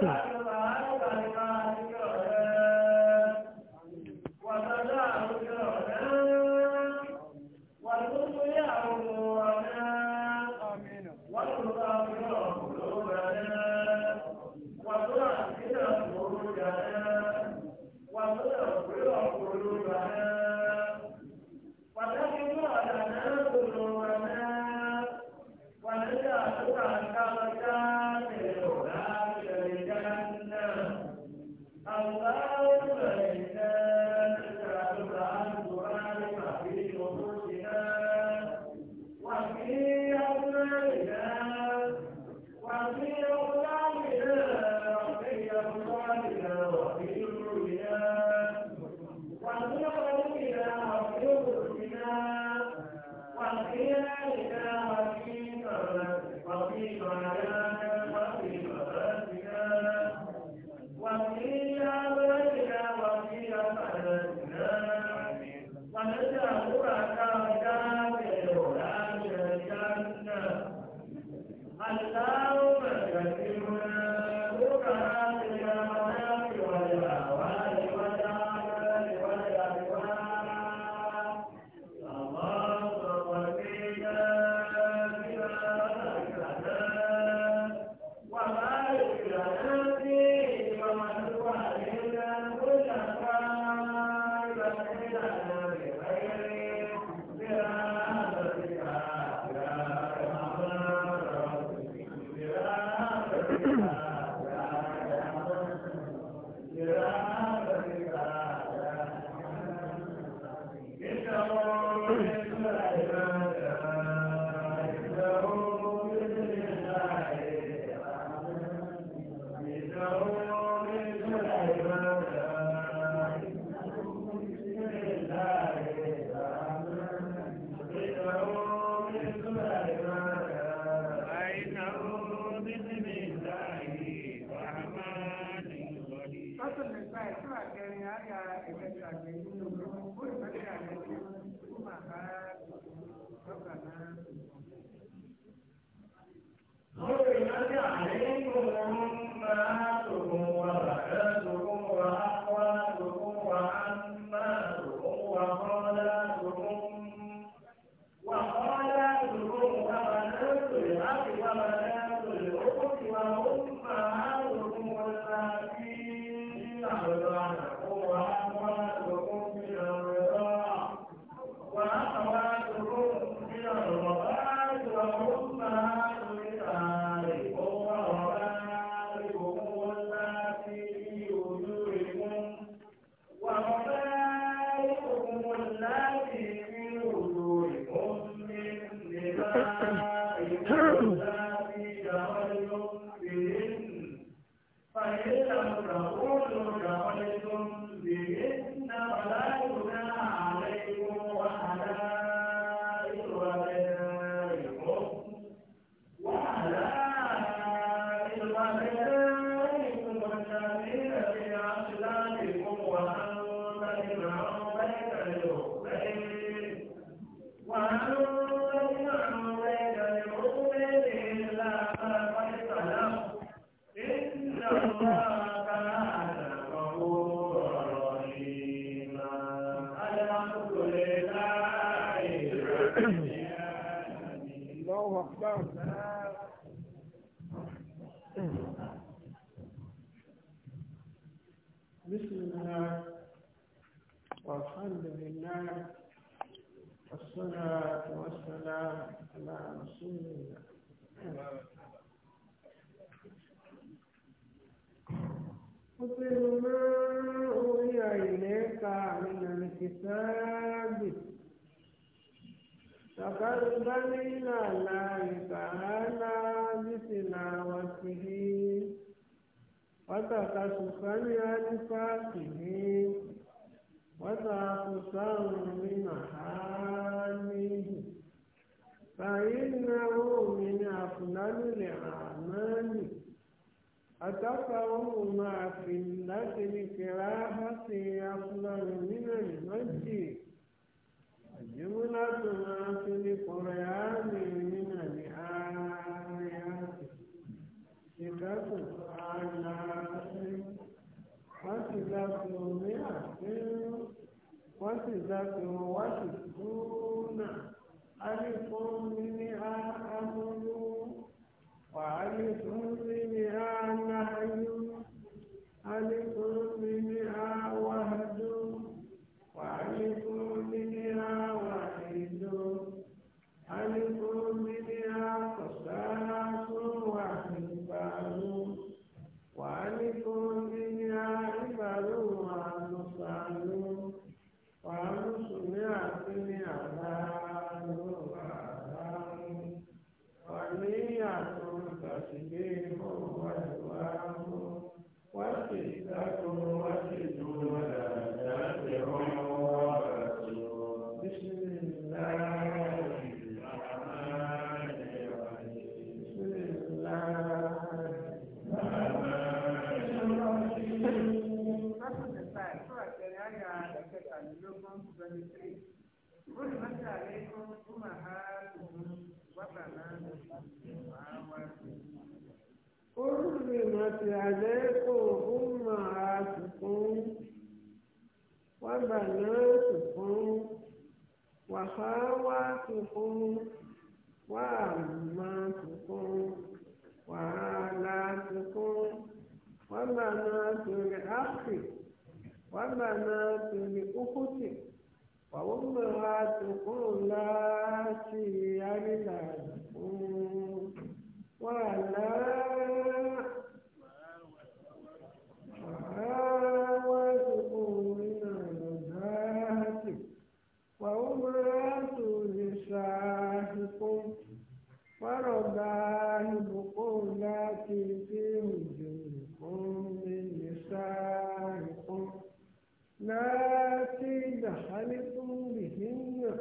Hmm. حتى nípa ìtura الحساب تقربا إلى الله تعالى بتلاوته وتكشفا عن فاقه وتعفسا من حاله فإنه من أفضل الأعمال أتفهما في اللجن كراهة أفضل من المجد جملة ما في القرآن من الآيات ستة آلاف وستة مئة وستة وستون ألف منها أمر وألف حرمت عليكم أمهاتكم وبناتكم وخواتكم وأماتكم وعالاتكم وبنات الأخ وبنات الأخت وأمهاتكم لاتي يلدنكم وعلاتكم láti dàhálẹ́tún bìhínà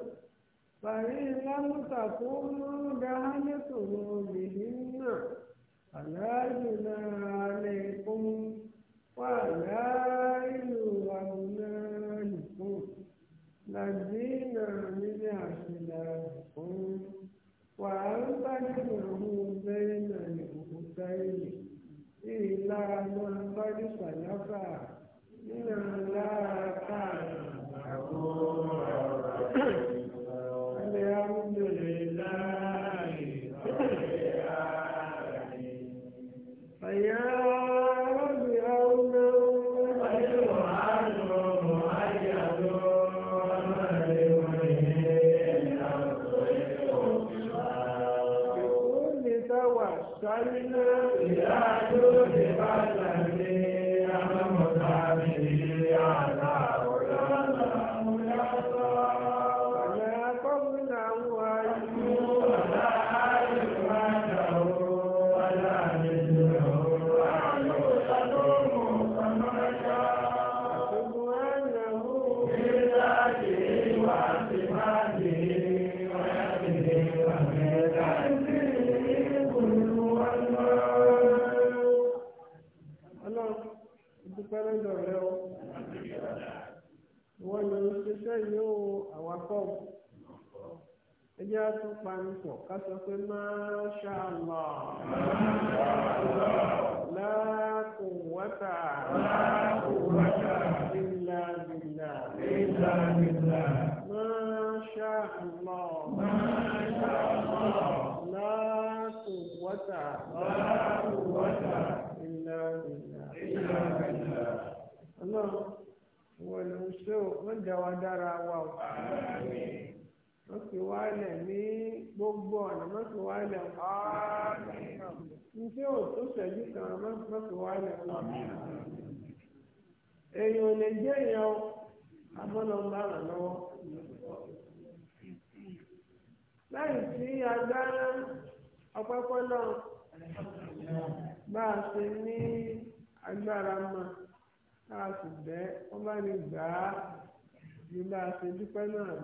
fàyí lámùtàkùnrin dàhálẹ́tún bìhínà aláàjù náà lẹ́kùn wà láìlú àmúnáàlùkùn làdínà nílé àṣìlá fún wà á ń bá nínú àwọn bẹ́ẹ̀ náà ní òkúta ilé ìlànà bá ní sàlábà. إلا كان panupọ̀ ká sọ pé máṣá lọ láàkùnwátà ìlà bìlà máṣá lọ láàkùnwátà ìlà bìlà. Ọlọ́run, ìwọ̀n ló ń ṣe ò, wọ́n jà wá dára wa o wọ́n ti wálẹ̀ ní gbogbo ọ̀nà wọ́n ti wálẹ̀ ní tí ò tó ṣẹ́jú kan wọ́n ti wálẹ̀ wọn. èèyàn ò lè jẹ́ èèyàn abọ́lọ́mbà rẹ̀ lọ́wọ́. láì sí agbára ọpẹ́pẹ́ náà bá a ṣe ní agbára mọ́ a sì bẹ́ wọ́n bá ní gbà á. bí bá a ṣe dúpẹ́ náà lọ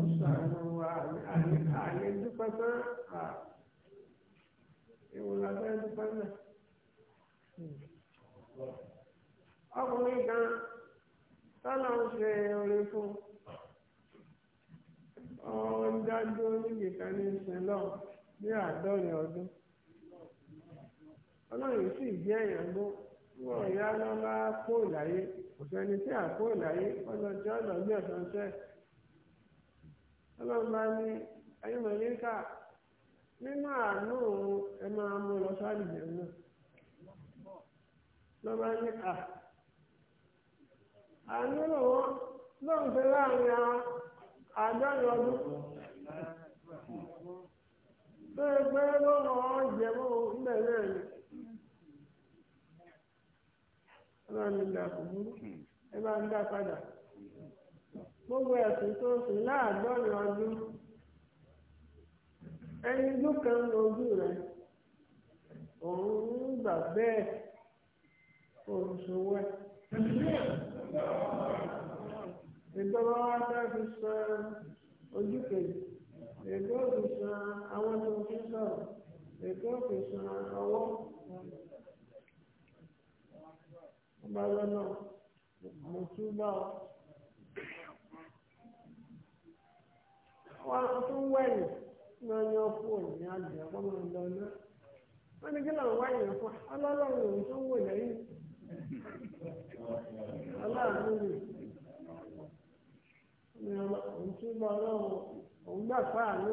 ó ṣàánú wa àyè dúpẹ́ tán ìwọ̀n lábẹ́ dúpẹ́ náà. ọkùnrin kan tọ́lá ń ṣe orin fún ọ̀hún dájú kan ní ẹ̀yà lọ́la kó ìláyé òṣèlú tí a kó ìláyé ọlọ́jọ́ ọlọ́bí ọ̀sánṣẹ́ ọlọ́mọba ní ayémọ̀lẹ́kà nínú àánú ẹ máa mú lọ sáré ìjẹun náà lọ́ba ní à àánú láàrin àádọ́rin ọdún tó ẹgbẹ́ lọ́wọ́ jẹ́ mọ́ náà ni. Ọ hmm. bá mi gbà kó burú ẹ dá padà gbogbo ẹ̀sùn tó sùn láàdọ́rin ọdún ẹni dúkan ojú rẹ òun gbà bẹ́ẹ̀ òṣùwẹ̀ ìjọba wa fẹ́ fi san san àwọn tó fi sọ̀rọ̀ san ọba lọ́nà na ọ. wọ́n tún wẹ̀yìn lọ náà wọ́n ní kí làwọn wẹ̀yìn fún ọlọ́lọ́run òun tó wò lẹ́yìn ọlọ́run rè ní òun tún bá ọlọ́run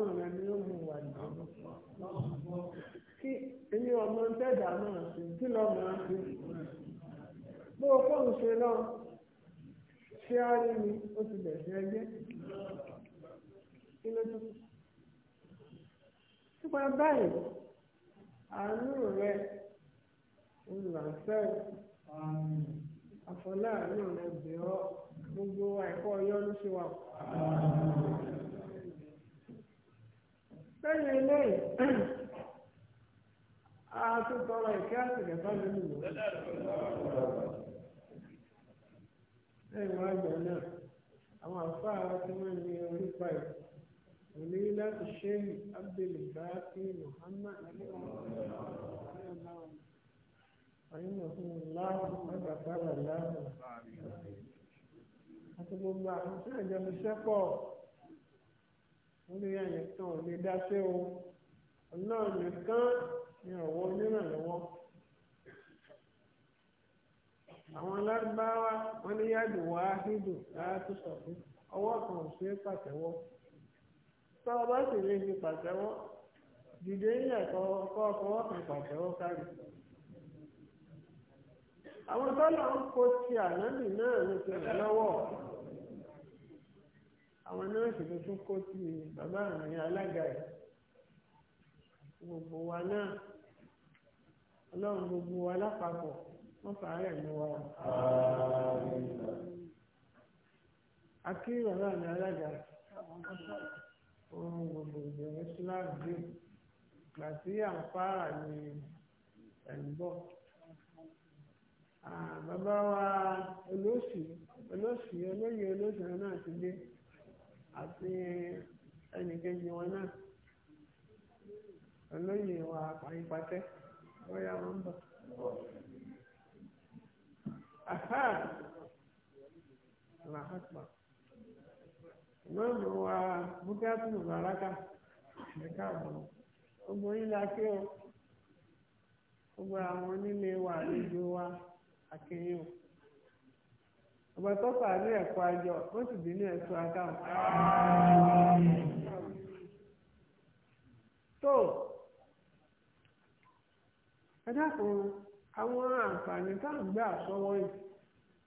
òun bó o fóun ṣe lọ ṣé á rí mi ó ti bẹ̀ sí ẹgbẹ́ kí tó kù. nípa báyìí àánú rẹ ń là ń rẹ bẹ̀ ọ́ gbogbo àìkọ́ yọ́nú sí wa. lẹ́yìn eléyìí a tún tọrọ ìkẹ́ àtìgẹ́fà nínú ìlú lẹ́yìn wá gbà náà àwọn àfáà wa tí wọ́n ní orí báyìí òní láti ṣe abdulbaki muhammad ayélujáfínláàmù ọgbàkàrà láàmù àti gbogbo àwọn tí àjọ iṣẹ́ pọ̀ olóyè àyẹ̀tàn ò lè dáṣẹ́ o ọlọ́run nìkan ni ọ̀wọ́ onírànlọ́wọ́ àwọn alárúbáwá wọn ní yáàdù wá hídù láti sọ fún ọwọ́ kan ò ṣe é pàtẹ́wọ́ tó o bá sì lè fi pàtẹ́wọ́ dìde ilẹ̀ kọ́ ọkọ̀ kan pàtẹ́wọ́ kárí. àwọn tọ́lọ̀ ń kó ti ànábì náà ló ti rìn lọ́wọ́ àwọn náà sì ló tún kó ti bàbá àmì alága ẹ̀ gbogbo wa náà ọlọ́run gbogbo wa lápapọ̀ wọ́n fàárẹ̀ ní wa. akíyọ̀ náà ni alága ohun gbogbo ìbẹ̀rẹ̀ islam dé gbàtí àǹfààrà ni ẹ̀ǹbọ̀. bàbá wa olóòsì olóòsì olóyè olóòsì náà ti dé àti ẹnìkejì wọn náà olóyè wa pàyípatẹ́ bóyá wọn ń bọ̀. aha na akpa lónìí wa bukatu mubaraka nìka àbọ̀rọ̀ gbogbo yín la kí àwọn onílé wa àlejò wa akéyìn o ọba tó ní ẹ̀kọ́ àjọ wọ́n sì dín ní ẹ̀sùn àdáhùn. tó ẹ dákun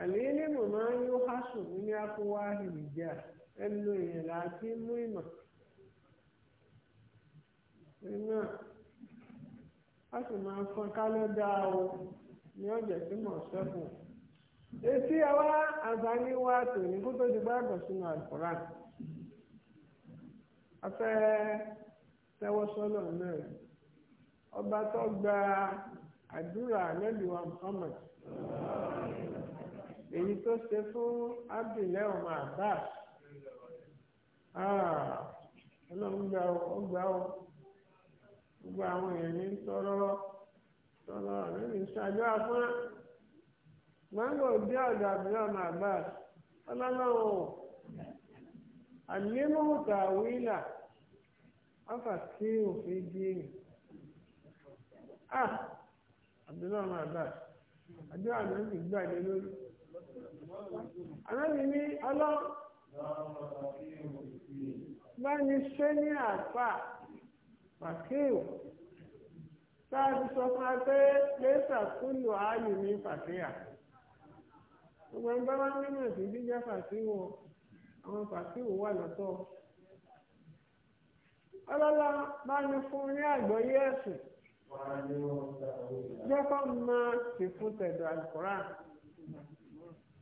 àlélẹ́mọ̀ máa ń yó hásùn ní akówá ìjà ẹnu èèyàn láti mú ìmọ̀ iná a sì máa fọn o ní ọ̀jẹ̀ tí mò sẹ́kù. etí àwa àǹfààní wa kó tó ti gbàgbọ́ sínú àlùkùrán a fẹ́ tẹ́wọ́ sọ́nà náà ọba tó gba àdúrà nẹ́bí wa èyí tó ṣe fún abdulẹ ọmọ abbas ah, ọlọ́run gbà ó gbogbo àwọn èèyàn ní tọrọ tọrọ nínú ìṣàjọ afọ́n gbọ́ngàn òbí ọ̀dọ̀ abdulẹ ọmọ abbas ọlọ́run ò wíìlà ọfà tí òfin ah abdulẹ ọmọ abbas àdúrà náà ti gbàdé lórí. àlọ́rin ní ọlọ́ báyìí ṣe ní àfà pàkíyò sáàbì sọ fún wa pé lẹ́sà kúlù ààyè ní fàkíyà gbogbo ẹni bá wá nínú ìsìn jíjẹ́ fàkíyò àwọn fàkíyò wà lọ́tọ̀ ọlọ́lá báyìí fún ní àgbọ́yé ẹ̀sìn jẹ́ kó máa sì fún tẹ̀dọ̀ àlùkùránì.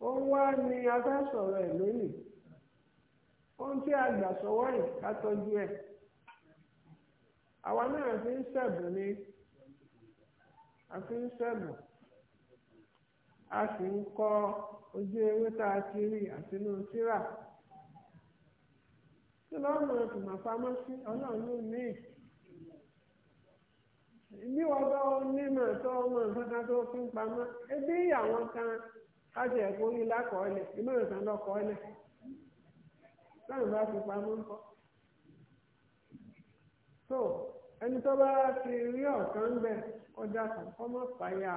O wá ní afẹ́sọ̀rọ̀ ẹ̀ lónìí ohun tí a gbà sọ́wọ́ yìí ká tọ́jú ẹ̀ àwa náà fi ń a fi ń a sì ń kọ ojú ewé a ti rí àtinú tírà tí lọ́nà ìtumọ̀ pamọ́ sí ọlọ́run ló ní bí wọ́n bá ó nímọ̀ tó ọmọ nǹkan tó fi ń pamọ́ ebí àwọn kan. káṣí ẹ̀kọ́ orí lákọọ́lẹ̀ inú ìsàn lọ́kọ́ọ́lẹ̀ láwọn bá fi pamọ́ ń kọ́. tó ẹni tó bá ti rí ọ̀kan ń bẹ̀ ọjà kan kọ́ mọ́ fàyà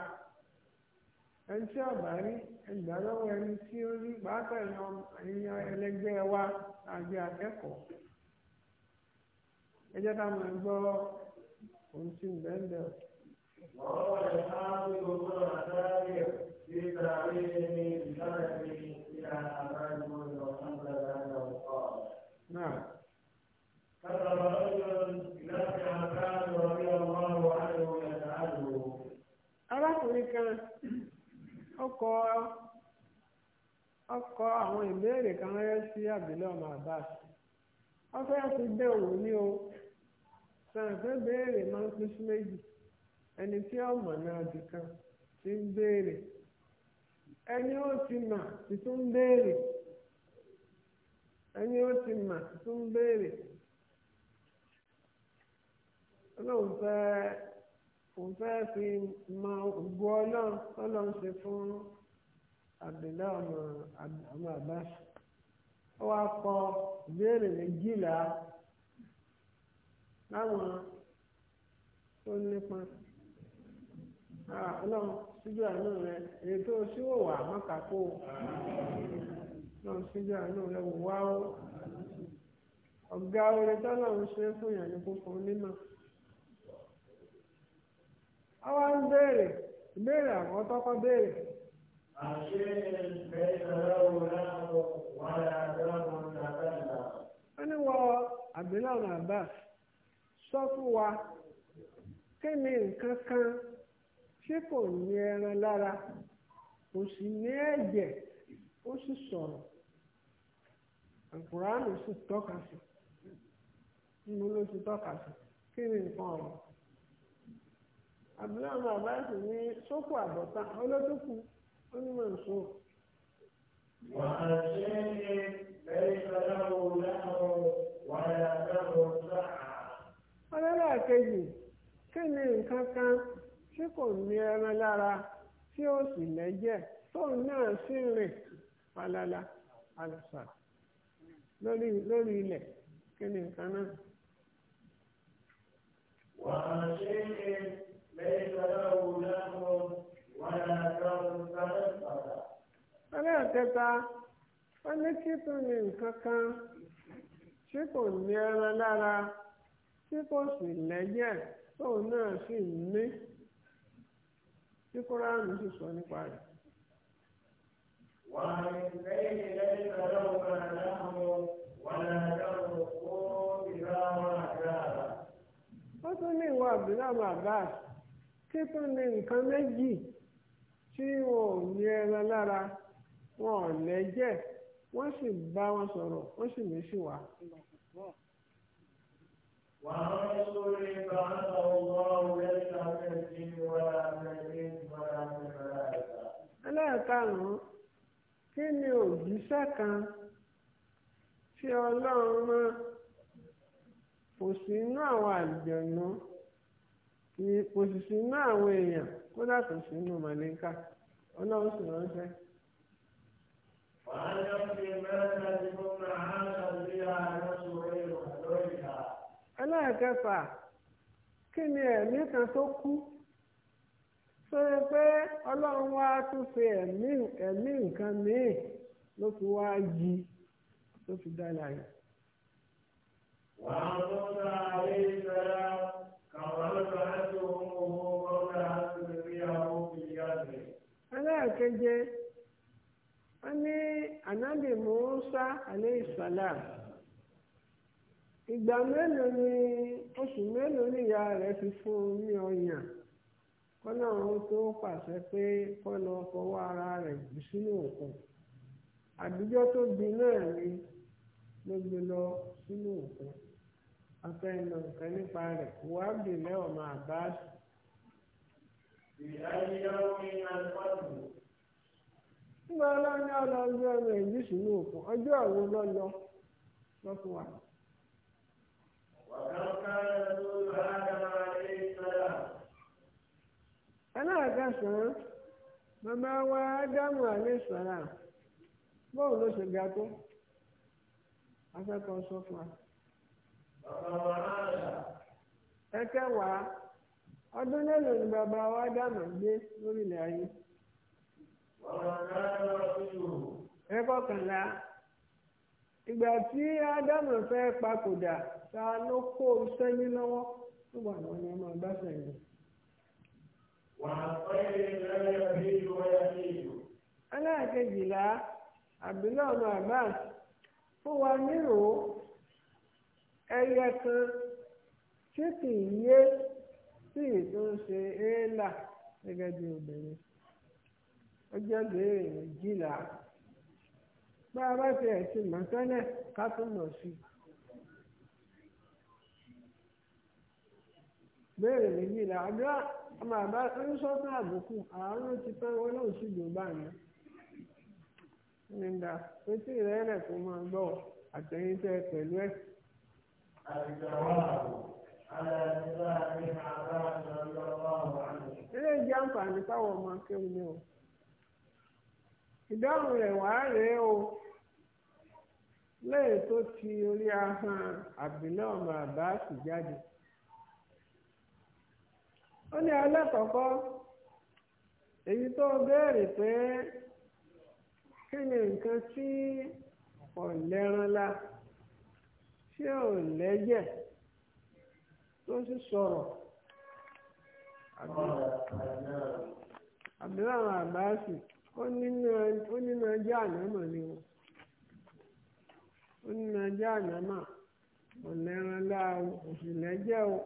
ẹni tí ọ̀bà rí ẹgbà lọ́wọ́ ẹni tí ó rí pàápàá ẹ̀yàn ẹlẹgbẹ́ wa àgbẹ̀ akẹ́kọ̀ọ́ ẹ ká máa gbọ́ ohun tí ń bẹ́ẹ̀ bẹ́ẹ̀. وهو الحافظ ابن عساكر في تعليمه بسنده الى عباد بن محمد انه قال نعم كتب رجل arákùnrin kan ọkọ ọkọ àwọn ìbéèrè kan rẹ sí àbílẹ̀ ọmọ abbas wọ́n fẹ́ fi wò ní o sàn fẹ́ máa ń pín sí méjì ẹni tí ó mọ̀ náà kan ti ń béèrè ẹni ó ti mà ti tún ń béèrè ẹni ó ti mà ń béèrè ọlọ́run fẹ́ òun fẹ́ fi mọ ògbó ọlọ́run ọlọ́run ṣe fún àbẹ̀lẹ̀ ọmọ Abbas ó wá kọ ìbéèrè láwọn tó nípa. ọlọ́run síjú àánú rẹ ètò síwò wà mọ́kàkó ọlọ́run síjú àánú rẹ wò wá ó ọ̀gá orin tọ́lọ́run ṣe fún yàn ní kókó nímọ̀. àwa ń béèrè ìbéèrè àwọn tọ́kọ́ béèrè. àṣé ìfẹ́ ìrọ̀lọ́wọ́ náà wà ládàmú nàbẹ́là. wọ́n ní wọ àbílẹ̀ ọ̀nà sọ fún wa kí ni nǹkan kan. ṣé kò ní ẹran lára kò sì ní ẹ̀jẹ̀ ó sì sọ̀rọ̀ àkùránù sì tọ́ka sí nínú ló ti tọ́ka sí kí ni nǹkan ọ̀rọ̀ àbúrò bàbá ẹ̀sìn ní sókò àbọ̀tán olódùkú ó ní mọ̀ nsó. wàá ṣe é ẹ̀rí tí kò ní ẹran lára tí ó sì lẹ́jẹ̀ tóun náà sì rìn falala alùsà lórí ilẹ̀ kí ni nǹkan náà. wàá ṣe é lẹ́yìn wo wọn á lọ sáré padà. ẹlẹ́ẹ̀kẹta wọ́n ní kí tún ní nǹkan kan tí kò ní ẹran lára tí kò tí kúránù sì so nípa wà tún ní ìwà abdullahi abbas kí tún ní nǹkan méjì tí wọn ò ní ẹran lára wọn ò lẹ́jẹ̀ wọ́n sì bá wọn sọ̀rọ̀ wọ́n sì mí sí wa. karùn-ún kí ni òjíṣẹ́ kan tí ọlọ́run rán kò sí inú àwọn àlùjọ̀nù kò sì sí inú àwọn èèyàn kó kò sí inú màlẹ́kà ọlọ́run sì ránṣẹ́. wàhálà ti mẹ́ta ti fún mi àhánà sí àárọ̀ ẹlẹ́ẹ̀kẹfà kí ni ẹ̀mí kan tó kú. sórí pé ọlọ́run wá tún fi ẹ̀mí nǹkan míì ló fi wá yí ló fi dá láyé. wàá tó ń ra ayé ìṣẹ́ra kàwọn ọlọ́run á tó ohun rẹ̀. ní ìgbà mélòó ni kọ́nà àwọn tó pàṣẹ pé kọ́nà fọwọ́ ara rẹ̀ jù sínú òkun àdújọ́ tó di náà ni ló lọ sínú òkun afẹ́nà nǹkan nípa rẹ̀ wà á bì lẹ́wọ̀n máa bá a sùn. nígbà ọlọ́jọ́ ọmọ sínú òkun ọjọ́ àwọn lọ́lọ́ lọ́kùnrin wa. ẹlẹ́ẹ̀kẹsàn-án bàbá wa ádámù àlẹ́sàrà bóun ló ṣe ga tó afẹ́kọ̀ọ́ sọ fún wa. bàbá ọdún mélòó ni bàbá wa adamu gbé lórílẹ̀ ayé. bàbá ìgbà tí fẹ́ ta ló kó sẹ́yìn lọ́wọ́ ni aláàkejìlá àbílẹ̀ ọmọ abbas fún wa nírò ẹyẹ kan tí kì í yé tí ìtún ṣe éélà gẹ́gẹ́ bí obìnrin ó jẹ́ béèrè méjìlá bá a bá tiẹ̀ ti mọ̀ tẹ́lẹ̀ ká mọ̀ sí i. ọmọ àbá ń sọ fún àbùkù àárọ̀ ti pẹ́ wọn náà sì dùn báyìí nígbà pété ìrẹ́lẹ̀ kó máa gbọ́ àtẹ̀yìntẹ́ pẹ̀lú ẹ̀. ilé ìjẹ́ àǹfààní fáwọn ọmọ akéwì ni o ìdáhùn rẹ̀ wá rèé o lẹ́yìn tó ti orí ahọ́n àbílẹ̀ ọmọ àbá sì jáde ó ní alákọ̀ọ́kọ́ èyí tó béèrè pé kí ni nǹkan tí kò lẹ́ran la ò lẹ́jẹ̀ tó sì sọ̀rọ̀ abdulhamu abasi ó nínú ẹjọ́ ànámọ̀ ni o ó nínú ẹjọ́ ànámọ̀ kò lẹ́ran o.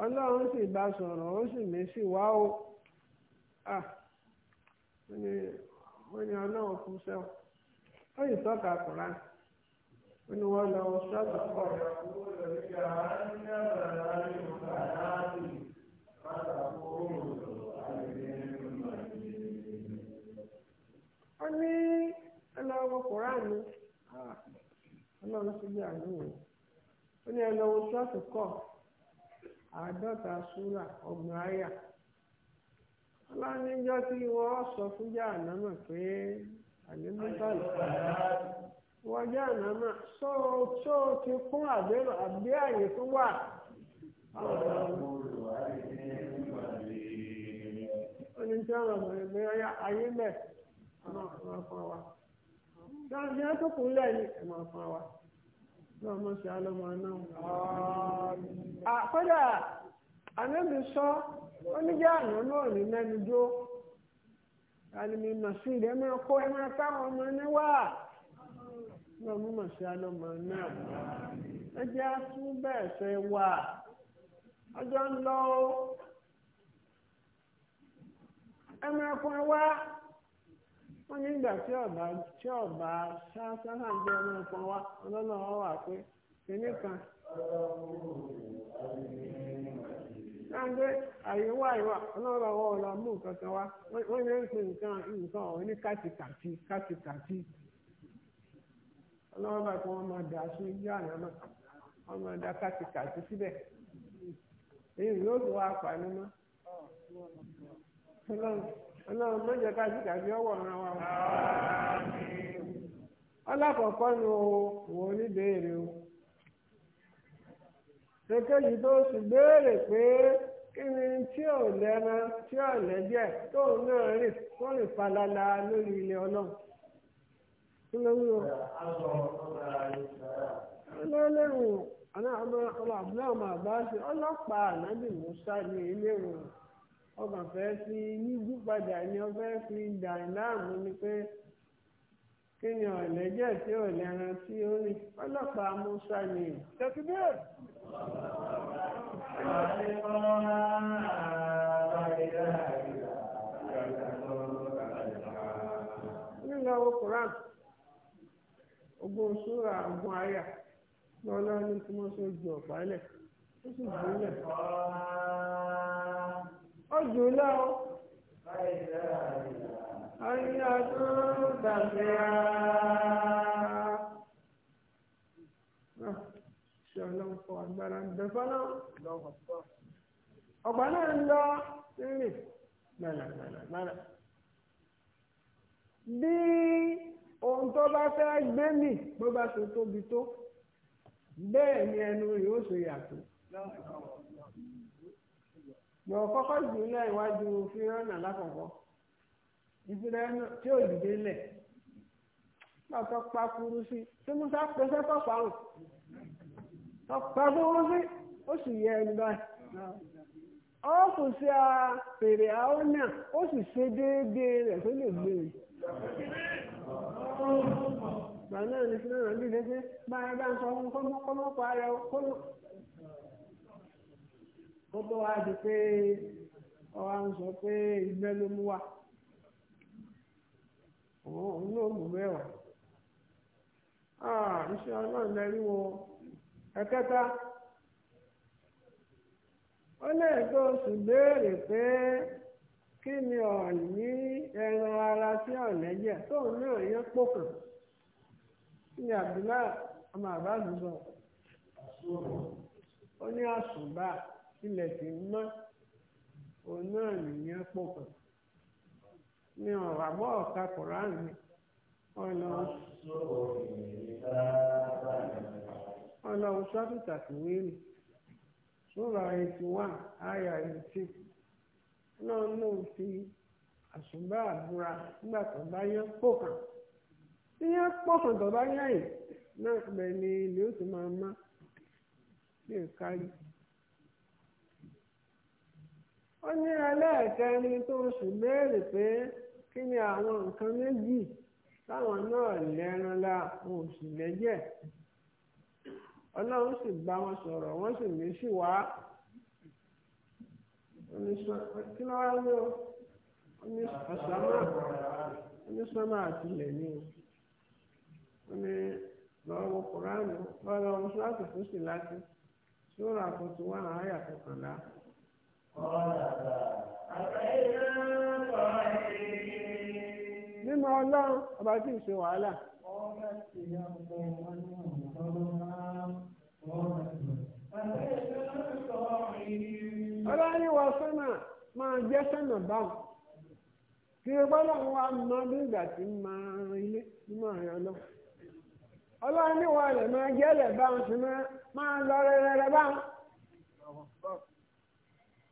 ọlọ́run sì bá sọ̀rọ̀ ó sì mí sí wá o wọ́n ní ọlọ́run fún sẹ́wọ̀n ó yìí tọ́ka kùnrin ó ní wọ́n lọ sọ́ọ̀tù pọ̀. ó ní ẹlọ́wọ́ kùnrin ọlọ́run sì bí àánú ó ní pọ̀. àádọ́ta súrà ọgbọ̀n àyà ọlọ́nijọ́ tí wọ́n sọ fún jáànámà pé àlébútàlù wọ́n jáànámà só o ti kún àbẹ́rò àbí àyè tó wà. tí wọ́n mọ̀ ayé mẹ́ ẹ̀ máa fún wa. tó ẹ̀ máa fún lọ́mọ sí alọ́mọ náà. kódà anábì sọ ó ní jẹ́ àná náà ní mẹ́nu dó alimi masiri ẹ máa kó ẹ máa káwọn ọmọ ní wá lọ́mọ màsí alọ́mọ náà ẹ jẹ́ fún bẹ́ẹ̀ fẹ́ wà ọjọ́ ń lọ ẹ máa kó ẹ wá. wọ́n nígbà tí ọba tí ọba ṣáṣáṣá ha jẹ́ ọmọ wa ọlọ́nà wọn wà pé kínní kan. sáńgbé wá wọ́n ní pè nǹkan nǹkan ọ̀hún ní kàtìkàtì kàtìkàtì. ọlọ́run mọ́jọ ká sí kàbí ọwọ́ ọ̀ràn wa. ọlọ́kọ̀ọ́kọ́ ni o wò ní béèrè o. èkejì tó sì béèrè pé kí ni tí ò lẹ́ran tí ò tóun náà rè tó rè falala lórí ilé ọlọ́run. kí ló àbúrò ọba fẹ́ fi yíjú padà ni ọ fẹ́ fi dà láàmú ni pé kí ni ọ̀lẹ́jẹ̀ tí ò lẹ́ran tí ó ọlọ́pàá musa ni tẹ́kídẹ́ẹ̀. nílò owó Quran ogun aya ní tí wọ́n ṣe ju ọ̀pá lẹ̀ ó jù lọ. ọyọ́ tó gbàgbé ara. ṣé ọlọ́run fọ agbára ń bẹ fọ́nà? ọ̀pá náà ń lọ sínú mẹ́lẹ̀mẹ́lẹ̀. bí ohun tó bá fẹ́ gbé mì bó bá ṣe tóbi tó bẹ́ẹ̀ ni ẹnu yóò ṣe yàtọ̀. kọkọ kọ́kọ́ ìgbìlẹ̀ iwájú fíránà lákọ̀ọ́kọ́ ìgbìlẹ̀ tí ò dìde lẹ̀ pàtó pakuru tí musa pèsè pàpàrọ̀ pakuru sí ó sì yẹ ẹni báyìí ó kù sí a fèrè àwọn náà ó sì ṣe déédéé rẹ tó lè gbé e. ní náà bí gbogbo wa di pé ọba ń sọ pé ìgbẹ́ ló mú wa òun ló mú mẹ́wàá ah, iṣẹ́ ọlọ́run lẹ́rí wọn ẹ̀kẹta ó lè tó oṣù béèrè pé kí ni ẹran ara sí ọ̀lẹ́jẹ̀ tóun náà yẹn pọ̀kàn kí ni ọmọ àbá mi sọ ó ní àsùnbà. ilẹ̀ tí ń mọ́ òun náà nìyẹn pọ̀ kàn ní ọ̀rọ̀ àbọ̀ ọ̀ka koran ni ọlọ́run sọ́tù tàkìwé ni sura eighty one aya eighteen náà lóun fi àṣùbà àbúra nígbà tó bá yẹn pọ̀ kàn ìyẹn pọ̀ kàn tó bá yẹn yìí náà bẹ̀ ni ilé ó ti máa má bí nǹkan ó ní ẹlẹ́ẹ̀kẹrin tó oṣù béèrè pé kí ni àwọn nǹkan méjì táwọn náà lẹ́ran la wọn ò sì lẹ́jẹ̀ ọlọ́run sì bá wọn sọ̀rọ̀ wọ́n sì lè sì wá kí ló wá o onísọ́mà àtìlẹ̀ ni o ní lọ́wọ́ kùránù lọ́wọ́ sọ́ọ̀tù fún sí láti sóòrà kùtù wà náà àyà kọkànlá. nínú ọlọ́run ọba tí ṣe wàhálà. ọlọ́run wọ sọ́nà máa jẹ́ sọ́nà báwọn kí ẹ gbọ́dọ̀ wá mọ bí ìgbà tí máa ilé tí máa rìn ọlọ́ ọlọ́run níwọ̀ rẹ̀ máa jẹ́lẹ̀ báwọn sí máa lọ rẹ̀ rẹ̀ báwọn.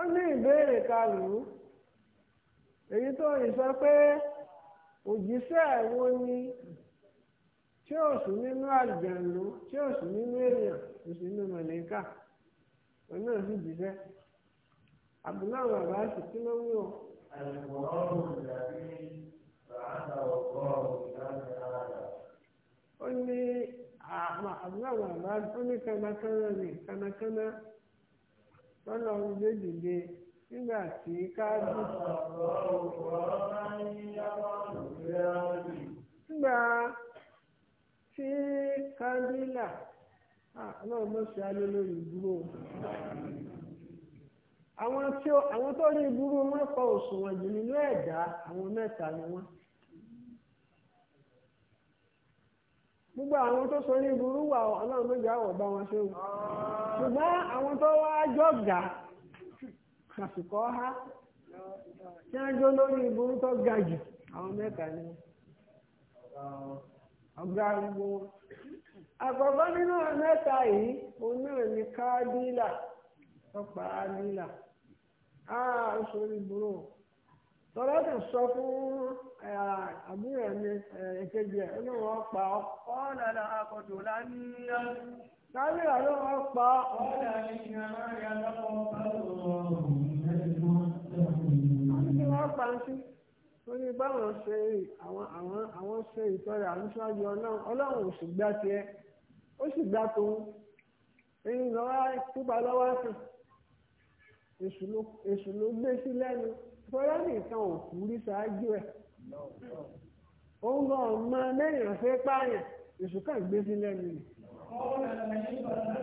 ó ní ìbéèrè karùn-ún èyí tó yìí sọ pé òjíṣẹ́ ninu ni tí ó sì nínú àlùjànnú tí ó sì nínú èèyàn kò sí nínú mọ̀lẹ́kà òun náà sì jíṣẹ́ àbúláwò bàbá sì kí ló ń wò. ó ní àbúláwò bàbá ó ní lọ́lọ́run gbé dìde nígbà tí káàdì. nígbà tí kandila ọlọ́run mọ̀ sí ìdúró àwọn tó rí ìdúró wọn òṣùwọ̀n jù nínú ẹ̀dá àwọn mẹ́ta ni wọ́n. gbogbo àwọn tó sọ ní burú wà ọlọ́run méjì àwọ̀ bá wọn ṣe wù ṣùgbọ́n àwọn tó wá jọ̀gà kàṣùkọ́ ha tí wọ́n jó lórí ìburú tó ga jù àwọn mẹ́ta ni ọ̀gá gbogbo wọn. àkọ́kọ́ nínú mẹ́ta yìí òun náà ni káàdìlà ọ̀pá àdìlà á ah, sórí burú. tọ́lá sọ fún àbúrò mi ẹ̀kejì ẹ̀ wọn pa ọ́. ọ̀nà náà akọ̀tò wọ́n pa ọ́. ọ̀nà ìyá àwọn báwọn ṣe àwọn bọ́lá nìkan ò kú rí ṣáájú ẹ̀ òun gan ọmọ lẹ́yìn ọ̀sẹ̀ pààyàn èṣù kàn gbé sí lẹ́nu rẹ̀. wọn ilé ìwòná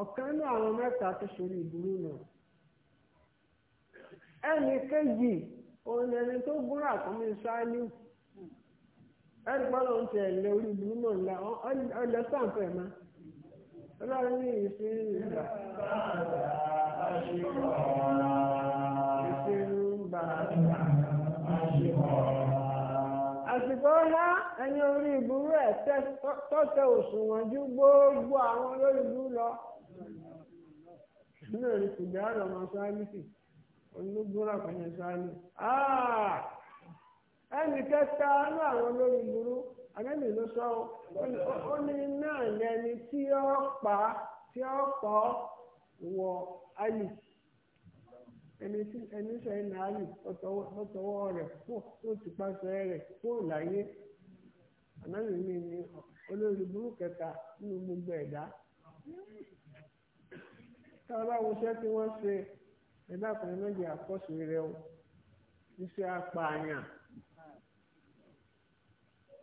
ọ̀kan ní àwọn mẹ́ta tó ṣe ní ìdúró náà ẹnì kejì òun ẹni tó gún ràkúnmí ṣáálíù ẹni pọ́lọ́ ń tẹ̀ lé orí ìlú náà ńlá ọlẹ́ sàǹfẹ̀ mọ́ ọlọ́run ní ìsìn ìgbà. àsìkò ọlá ẹni orí ìburú ẹ̀ tọ́tẹ òṣùwọ̀n ju gbogbo àwọn olórí ìlú lọ. nínú ìsìnkú àrọ̀ ọmọ sáyẹ́ǹsì ológúnra kan yẹn sáré ah! ẹnì kẹta ní àwọn olórí burú àbẹ́mi ló sọ ó ní náà lẹni tí ó pa tí ó pọ̀ wọ ayé ẹni tí ẹni sẹ́yìn náà ayé ọ̀tọ̀wọ́ rẹ̀ fún òtìpasẹ̀ rẹ̀ fún òláyé àbẹ́mi mi ni olórí burú kẹta nínú gbogbo ẹ̀dá tá a bá wo iṣẹ́ tí wọ́n ṣe. ẹ dákun méjì àkọ́sù rẹ o iṣẹ́ apààyàn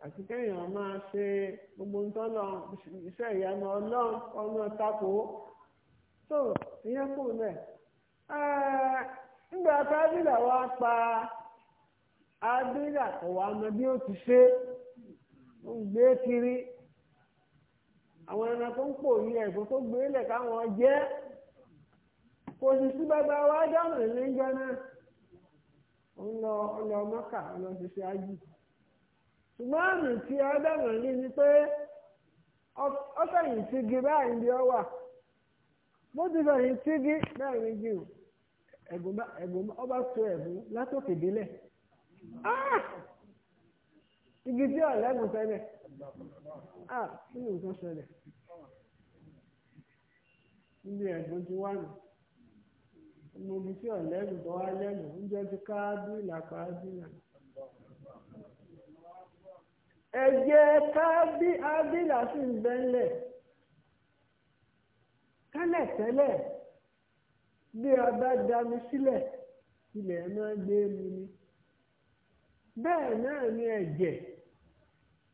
àti kéèyàn máa ṣe gbogbo ń tọ́lọ iṣẹ́ ìyanu ọlọ́run ọmọ tako tó ìyẹn kù lẹ̀ nígbà tábìlà wa pa abílà kò wá mọ bí ó ti ṣe ń gbé kiri àwọn ẹranko ń pò ẹ̀fọ́ kò sì sí bàbá ní gánà ọlọ mọ́kà ọlọ́sẹ̀sẹ̀ ájì ṣùgbọ́n àmì tí ọdọ́mọ̀ ní ni pé báyìí ni ọ wà bó ti sọ̀yìn tigi báyìí ni jù ẹ̀gbọ́n ọba tó ẹ̀bùn látòkè délẹ̀ ah! igi tí ọ̀lẹ́gùn tẹ́lẹ̀ ah! kí ni nǹkan ṣẹlẹ̀ níbi ẹ̀gbọ́n ti wà nù. mo bí tí ọ̀lẹ́rù bọ́ wá lẹ́nu oúnjẹ ti ká bílà ká bílà. ẹ̀jẹ̀ ká bí ábílà sì ń bẹ́ńlẹ̀ tẹ́lẹ̀ tẹ́lẹ̀ bí a bá dami sílẹ̀ ilẹ̀ máa gbé mi ni bẹ́ẹ̀ náà ni ẹ̀jẹ̀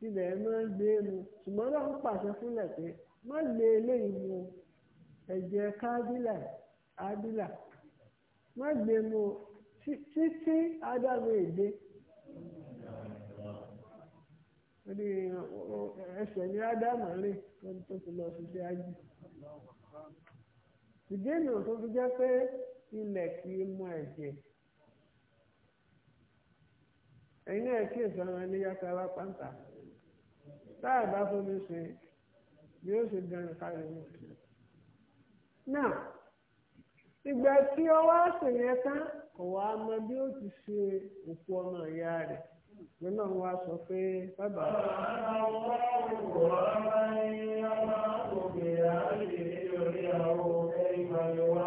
ilẹ̀ máa gbé mu ṣùgbọ́n bá ń pàṣẹ fúnlẹ̀ pé má lè eléyìí mu ẹ̀jẹ̀ kábílà ábílà má gbé mu títí adágún èdè orí ẹsẹ̀ ní ádámà rìn lọ́dún tó ti lọ sí ájú. ìdí ènìyàn tó fi jẹ́ pé ilẹ̀ kì í mọ ẹ̀jẹ̀. ẹ̀yin náà kí èso ara yàtọ̀ ara pàǹtà tá a bá fomi ṣe yóò ṣe dẹrùn kárẹ̀ mọ́. náà ìgbà tí ó wá sùn yẹn tán kò wá mọ bí ó ti ṣe òkú ọmọ ìyá rẹ̀ ìwé náà wá sọ pé bàbá. Ọ̀rọ̀ máa ń yá máa ń kò bèèrè àárín ìrírí orí àwọn ẹ̀yìn máa ń wá.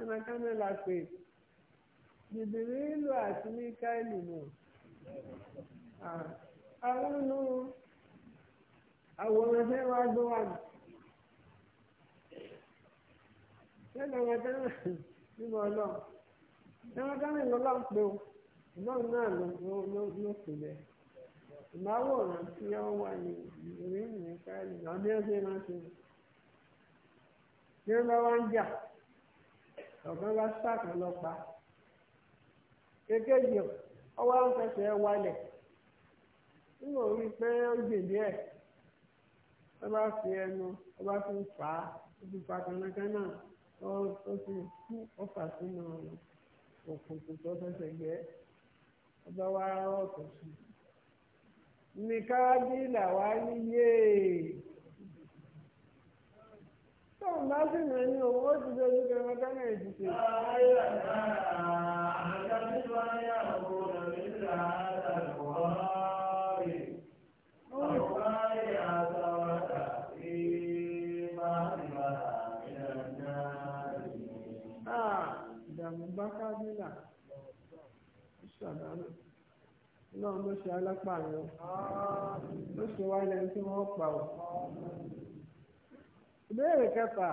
ẹnìkaná la pè bìbìrì ìlú àti míkáìlì nù àwọn nù àwòrán fẹ́ wá gbé wà nù lẹ́nu àwọn ẹgbẹ́ nínú ọlọ́run lẹ́nu ẹgbẹ́ nínú ọlọ́run pé o ọlọ́run náà ló ló pè bẹ́ẹ̀ ìmáwòrán tí wọ́n wà ní ìrírí nìkan ní àwọn bí wọ́n ṣe máa ṣe bí wọ́n jà ọ̀kan bá sáàkàn lọ pa kékeré ọwọ́ ń fẹsẹ̀ wálẹ̀ nígbà orí pé ó gbèdé ẹ̀ ó bá fi ẹnu ó bá fi fà á ó fi fà kankan náà ó fi kú ó fà sínú òkùnkùn tó fẹsẹ̀ gbé ó bá wá ọ̀tọ̀ sí i nìkan bí làwa ní yéé tó ń bá sì mọ̀ ní owó ti dojú kẹrọ tọ́nà ìdìbò. Ìdààmú bá kábílà ṣàdánù náà ló ṣe alápàá yẹn ló ṣe wáyé ẹni tí wọ́n pa ọ́. ìbéèrè kẹfà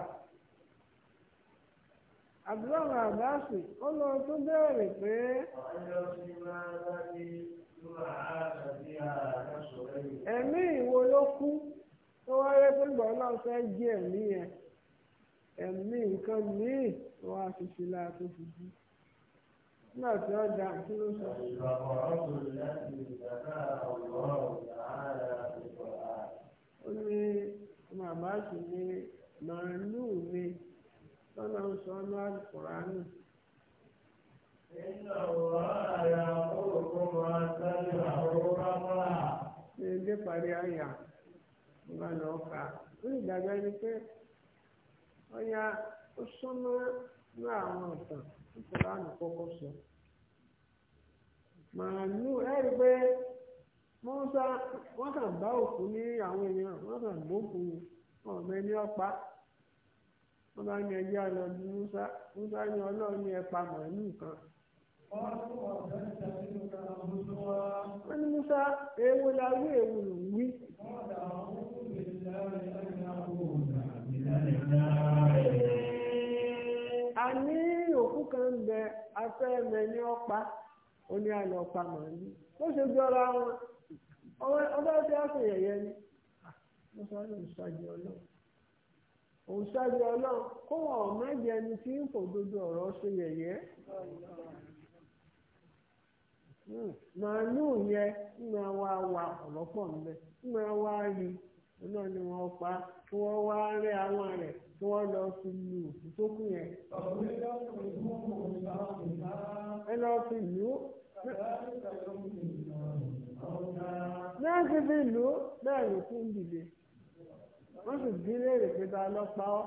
na abasi ó lọ tó béèrè pé. ẹ̀mí ìwo ló kú tó wáyé pé bọ́lá fẹ́ jí ẹ̀mí yẹn ẹ̀mí nǹkan míì tó wá fi sí la fi jí nígbà tí ó da kí ló sọ. ọmọ àbáṣe ni mara mi lọ́nà ń sọ ọ́nà àlùkùránì. nínú ọ̀rọ̀ àyà olùkó máa tẹ́lẹ̀ àwọn pápá. ní ẹgbẹ́ parí àyà nígbà na kà ó lè dàgbà ni pé ọ̀yà ó mọ́sá wọ́n kàn bá òkú ní àwọn èèyàn wọ́n kàn gbókùn ọ̀mọ ẹni ọ̀pá wọ́n bá ní ẹjẹ́ ọ̀nà bí musa musa ní ọlọ́run ní ẹ̀pà màálù kan. wọ́n ní musa èèwọ̀ la rí èèwọ̀ ló ń wí. a ní òkú kan bẹ afẹ́ mẹ́ni ọ̀pá ó ní àlọ́ ọ̀pá màálù ó ṣe jọra wọn. ọba tí a fi yẹ̀yẹ́ ni wọ́n sọ lóun ṣáájú ọlọ́run òun kó wọn ò ẹni tí ń fò dodo ọrọ ṣe yẹ̀yẹ́ hmm. màálù yẹn ń máa wá wa ọ̀rọ̀ pọ̀ ń máa wá rí bẹ́ẹ̀ sì fi lù ú bẹ́ẹ̀ ló kún dìde wọ́n sì bí léèrè pé ta lọ́pàá ọ́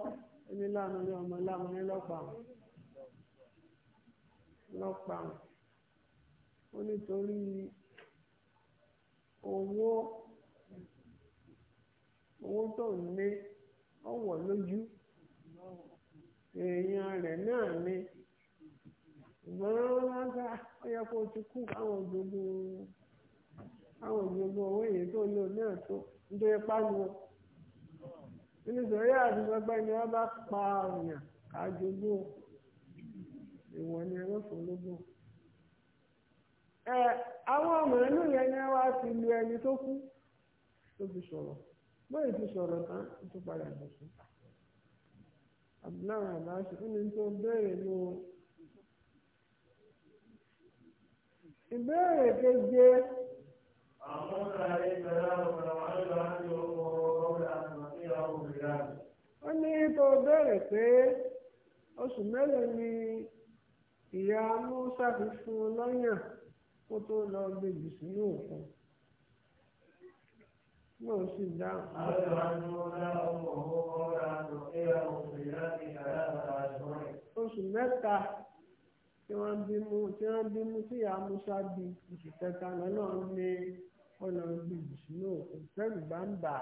ẹni lánàá ní ọmọ lánàá ní lọ́pàá lọ́pàá ó nítorí owó owó tó ń ní ọ̀wọ̀ lójú èèyàn rẹ̀ náà ni ìgbọ́n rárá ó yẹ kó o ti kú káwọn gbogbo. káwọn ọgbọ owó yẹn tó lò náà tó nítorí pánu nítorí àdúgbò ni wọn bá pa ọ̀yàn kájogbo ìwọ̀n ni ẹ̀rọ fọlọ́gbọ̀n. ẹ àwọn ọmọ inú yẹn ni wọ́n ti lu ẹni tó kú tó fi bóyá ti tán tó padà sí. tó béèrè ní o. ìbéèrè ó ní tó bẹ̀rẹ̀ pé oṣù mélòó ni ìyá musa fún un lọ́yàn kó tó lọ gbèjì sínú òkun sì dáhùn. oṣù mẹ́ta tí wọ́n bímú tí ìyá musa bí oṣù kẹta lọ́nà ọ̀nà bíbí náà ìfẹ́rù bá ń bà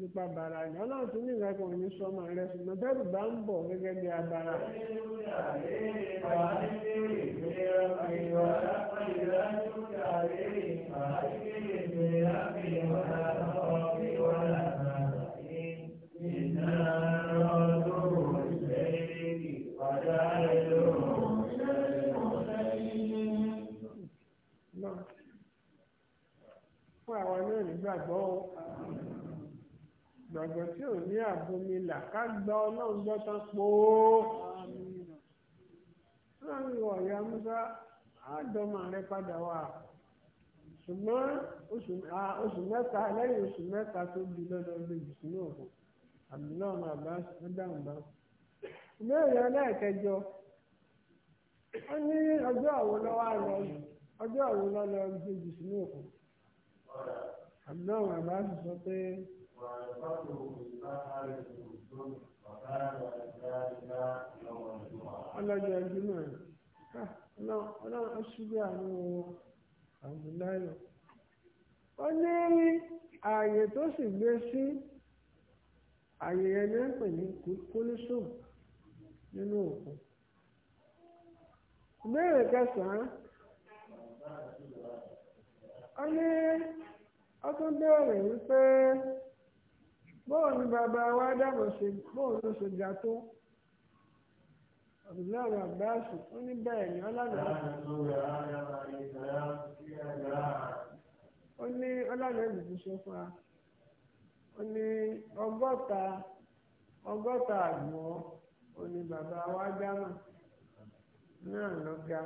nípa bàrà ni ọlọ́run tún ní ìrẹ́ kan ní sọmọ rẹ ṣùgbọ́n fẹ́rù bá ń bọ̀ gẹ́gẹ́ bí abara. Thank you. gbàgbọ́ o gbàgbọ́ tí ò ní àbomilà ká gba ọlọ́run gbọ́ tán pọ̀ ó láàrin ọ̀yà musa àádọ́mà rẹ padà wá ṣùgbọ́n oṣù mẹ́ta lẹ́yìn oṣù mẹ́ta tó di lọ́dọ̀ lójú sínú òkú abdullahi abbas adamba ìbéèrè ẹlẹ́ẹ̀kẹjọ ó ní ọjọ́ àwo àrọ̀ ọjọ́ àwo lọ́lọ́ lójú sínú òkú no àbúrò àbá sì sọ pé. ọlọ́jọ́ ìjùmọ̀ ah, ọlọ́run aṣíjú àwọn àbúláyọ̀ ó ní ààyè tó sì gbé sí ààyè yẹn ní pè ní kúlísùn nínú òkun ìbéèrè kẹsàn-án ó ní. ó tún béèrè wípé bóun ni bàbá wa dàbò ṣe bóun ló ṣe ga tó ó ní ni ọlọ́dọ̀ ó ní ọlọ́dọ̀ ìdìbò ṣe fún wa ó ní ọgọ́ta ọgọ́ta àgbọ̀n ó ní bàbá wa náà lọ ga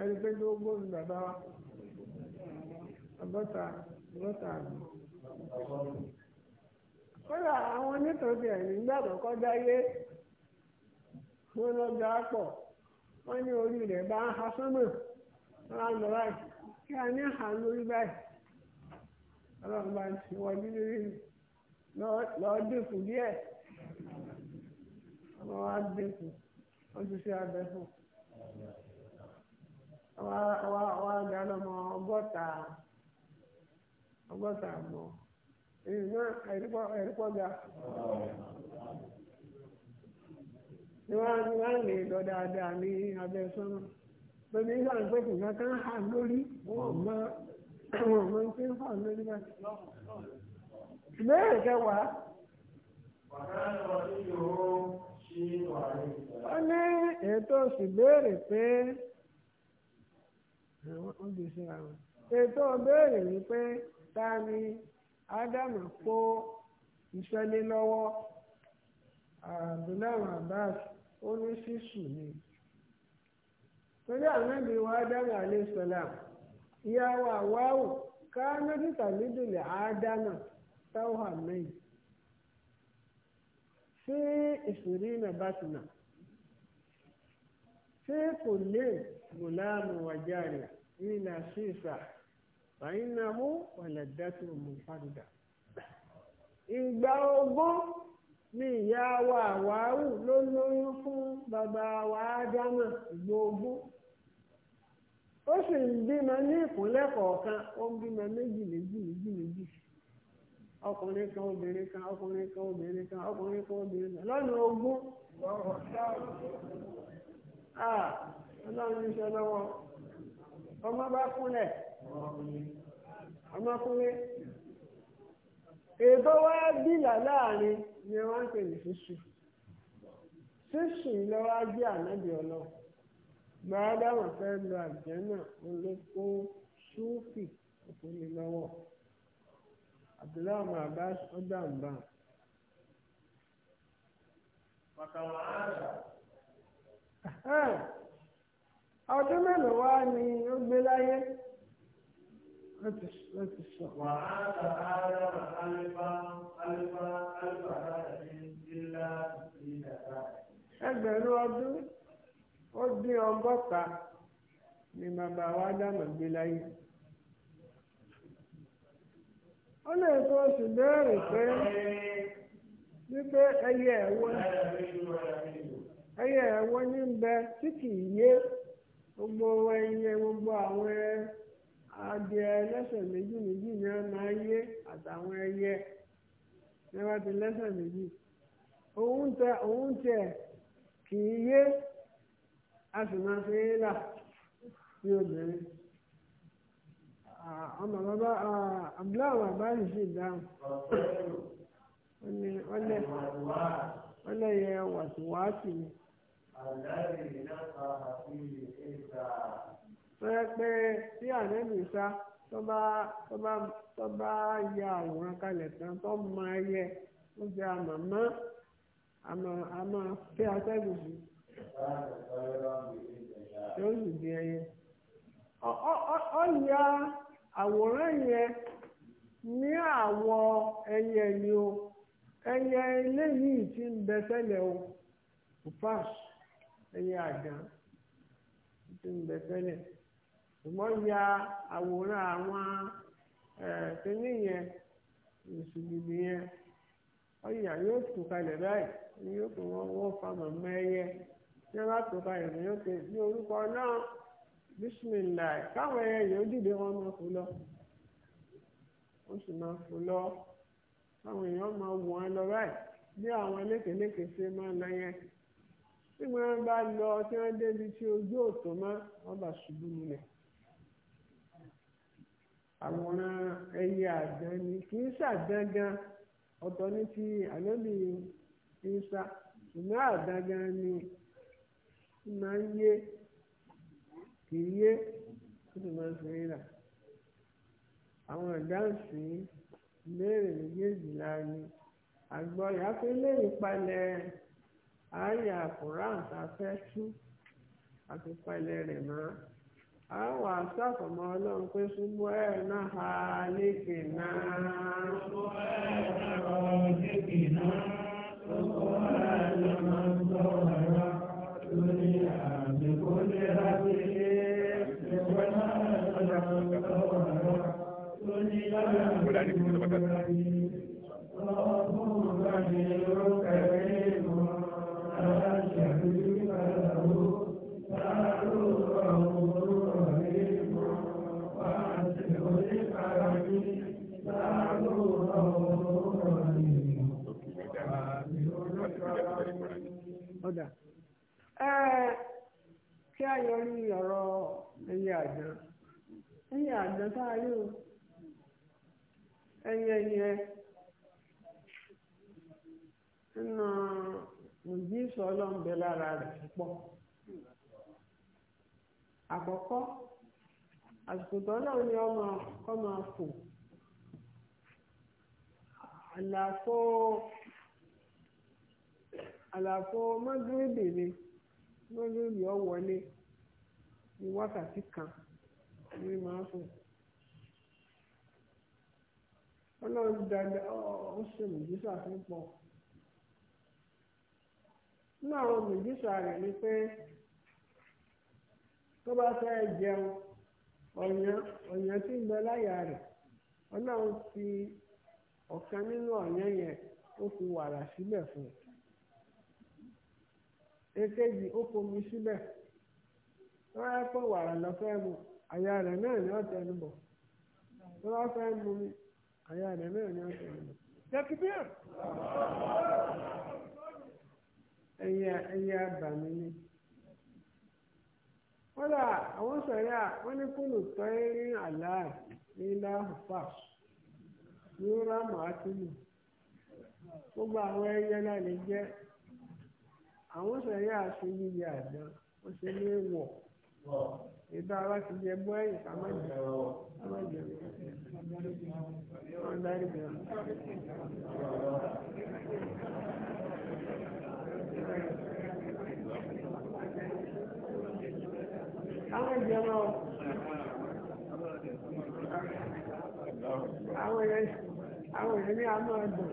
ẹni pé gbóhùn bàbá wa. ọgọ́ta ọgọ́ta àgbà. kódà àwọn onítòsí ẹ̀mí nígbà àkọ́kọ́ dáyé wọn lọ gbà á pọ̀ wọ́n ní orí rẹ̀ bá ń ha sọ́mọ̀ wọ́n á lọ báyìí kí a ní lórí báyìí ọlọ́run bá ti wọlé lórí lọ́ọ́ dínkù díẹ̀ ọmọ wa dínkù wọ́n ti ṣe abẹ fún wa wa wa ọgọ́ta àbọ̀ ìgbà ẹ̀rípọ̀ ga ni lè lọ dáadáa ní abẹ́ sọ́nà lórí ìgbà ń pẹ́ kùnkan kan hà lórí wọ́n mọ àwọn ń fà lórí ta Adama ádámù kó iṣẹ́ lé lọ́wọ́ abdullahi abbas ó ní ṣíṣù ni torí ànábì wa ádámù aleyhisselam ìyàwó àwáwò káánádì tàbídùlẹ̀ ádámù táwọn mẹ́yìn sí ìṣòrí nàbàtìnà sí kò lè mùlámù na ní nàṣìṣà. fàyínàmú wàlẹ̀dẹ́tù mùfàdùdà. ìgbà ogún ni ìyá wa àwárù ló lóyún fún bàbá wa ádámà ìgbà ogún ó sì ń bímọ ní ìpínlẹ̀ kọ̀ọ̀kan ó ń bímọ méjì méjì méjì méjì ọkùnrin kan obìnrin kan ọkùnrin kan obìnrin kan ọkùnrin kan obìnrin kan lọ́nà ogún ah, ọlọ́run iṣẹ́ lọ́wọ́ ọmọ bá kúnlẹ̀ ọmọkùnrin èdè wá bìlà láàrin ni wọ́n ń pè ní ṣíṣù ṣíṣù lọ́wọ́ ajé ànábì ọlọ́run gbàdá wọn fẹ́ lọ àjẹ́nà olóko ṣúfì òkúni lọ́wọ́ abdullahi ọmọ abbas ọjà ń bá. ọdún mélòó wá ni ó gbé láyé. láti láti sọ. wà á ta ara alifa alifa alifa láti ilá ìdàgbà. ẹgbẹ̀rún ọdún ó dín ọgọ́ta ni wa dáná gbé láyé. ó lè tó oṣù pé wípé ẹyẹ ẹ̀wọ́ ẹyẹ ẹ̀wọ́ ní adìẹ ẹlẹ́sẹ̀ méjì méjì ni wọ́n máa yé àtàwọn ẹyẹ ní wọ́n ti lẹ́sẹ̀ méjì òun tẹ òun tẹ kì í yé a sì máa fi ń là sí obìnrin ọmọ bàbá abdullahi abdullahi sì dáhùn wọ́n lè yẹ wàtúwàtì ni. àlàyé náà fa àfihàn ìta. wọ́n pé tí ànẹ́bì sá tó bá ya àwòrán kalẹ̀ tán tó mọ ẹyẹ ó jẹ àmọ̀ mọ́ àmọ̀ atẹ́gùn sí sì di ẹyẹ. ọ ya àwòrán yẹn ní àwọ̀ ẹyẹ ni o ẹyẹ eléyìí ti ń bẹ o ẹyẹ ti ń bẹ ṣùgbọ́n ya àwòrán àwọn kínní yẹn mùsùlùmí yẹn ọyà yóò tù kalẹ̀ báyìí yóò tó wọn wọ́n fa màmá ẹyẹ bá ya kalẹ̀ ní yóò tẹ̀ sí orúkọ náà bisimilayi káwọn ẹyẹ yóò dìde wọn máa fò lọ wọ́n sì máa fò lọ káwọn èèyàn máa wò wọn lọ báyìí bí àwọn lékèélékèé ṣe máa lọ yẹn tí bá àwòrán ẹyẹ àdán ni kì í ṣàdángan ọ̀tọ̀ ní ti àlọ́lì ìsà ṣùgbọ́n àdángan ni máa ń yé kì í yé ó sì máa ń fi rírà àwọn ìdáhùnsí ìbéèrè méjèèjìlá ni àgbọ̀yà pé lè ìpalẹ̀ àyà kùrán tá a fẹ́ tú àti ìpalẹ̀ rẹ̀ máa àwọn àṣàfọ̀mọ́ ọlọ́run pé ṣubú ẹ̀ náà ha lékè náà. ṣubú ẹ̀ náà ha lékè náà. ṣubú ẹ̀ náà máa ń sọ ọ̀rọ̀ lórí àgbẹ̀kọ́ lé lágbèlé. ṣubú ẹ̀ náà máa ń sọ ọ̀rọ̀ lórí àgbẹ̀kọ́ اللهم اجعلك كريما لا شريك له تعالوا ọ̀dà kí a yọrí ọ̀rọ̀ ẹyẹ àdán ẹyẹ àdán tá a yóò ẹyẹ yẹ nínú ìjísọ̀ lára rẹ̀ àkọ́kọ́. àsìkò tó náà ni ọmọ kọ́ máa fò àlàfo àlàfo mọ́gírìbì ni mọ́gírìbì ọ wọlé ní wákàtí kan ní máa fò ọlọ́run dada ó ṣe mùjísà fún pọ̀ nínú àwọn mùjísà rẹ̀ ni pé tó bá fẹ́ jẹun. ọ̀yàn tí ń bẹ láyà rẹ̀ ọlọ́run ti ọ̀kan nínú ọ̀yàn yẹn ó fi wàrà sílẹ̀ fún un èkejì ó fomi síbẹ̀ wàrà lọ fẹ́ mu àyà rẹ̀ náà ni ó tẹnu bọ̀ wọ́n fẹ́ mu kódà àwọn sọ̀rọ̀ wọ́n ní kúlù tọ́ erin àláì nílá hùfà ní rámù àtúnú gbogbo àwọn ẹyẹ náà lè jẹ́ àwọn sọ̀rọ̀ àṣẹ ṣe ní wọ̀ ìdá ara ti jẹ bọ́ ẹ̀yìn ká má jẹ ká má jẹ àwọn èèyàn ní àmọ́ ẹ̀dùn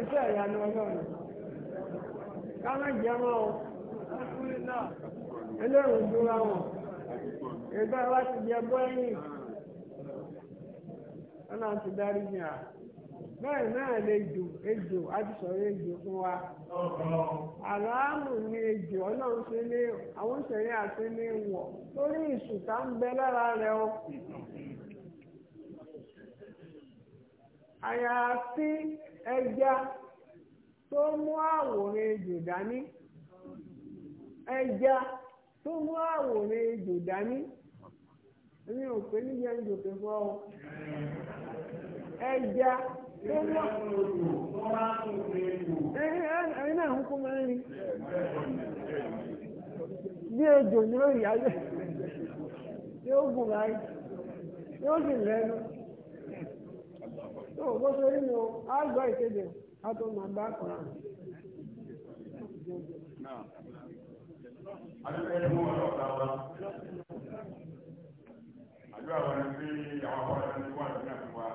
iṣẹ́ ìyanu ọlọ́run káwọn jẹmọ́ ọ ẹlẹ́rùn dúra wọn ẹgbẹ́ wa ti jẹ bọ́ ẹ̀yìn ọlọ́run ti dárí ní à. bẹ́ẹ̀ náà l'Ejò, ejò adìsọ̀rọ̀ ejò fún wa. àlàámù ni ejò ọlọ́run ṣe ní àwọn àti ní wọ̀ torí ìṣùkà ń bẹ lára rẹ̀ o. àyàfi ẹja tó mú àwòrán ejò dání ẹja tó mú àwòrán ejò dání èmi ò pé ń jòkè fún ọ ẹ̀yìn na ń kó máa ń rí bí ejò ní ó yá lẹ̀ yóò gùn láì yóò sì lẹ́nu tó bó ṣe rí o á gbọ́ ìkéde a tó máa bá kan Àdúrà ni àwọn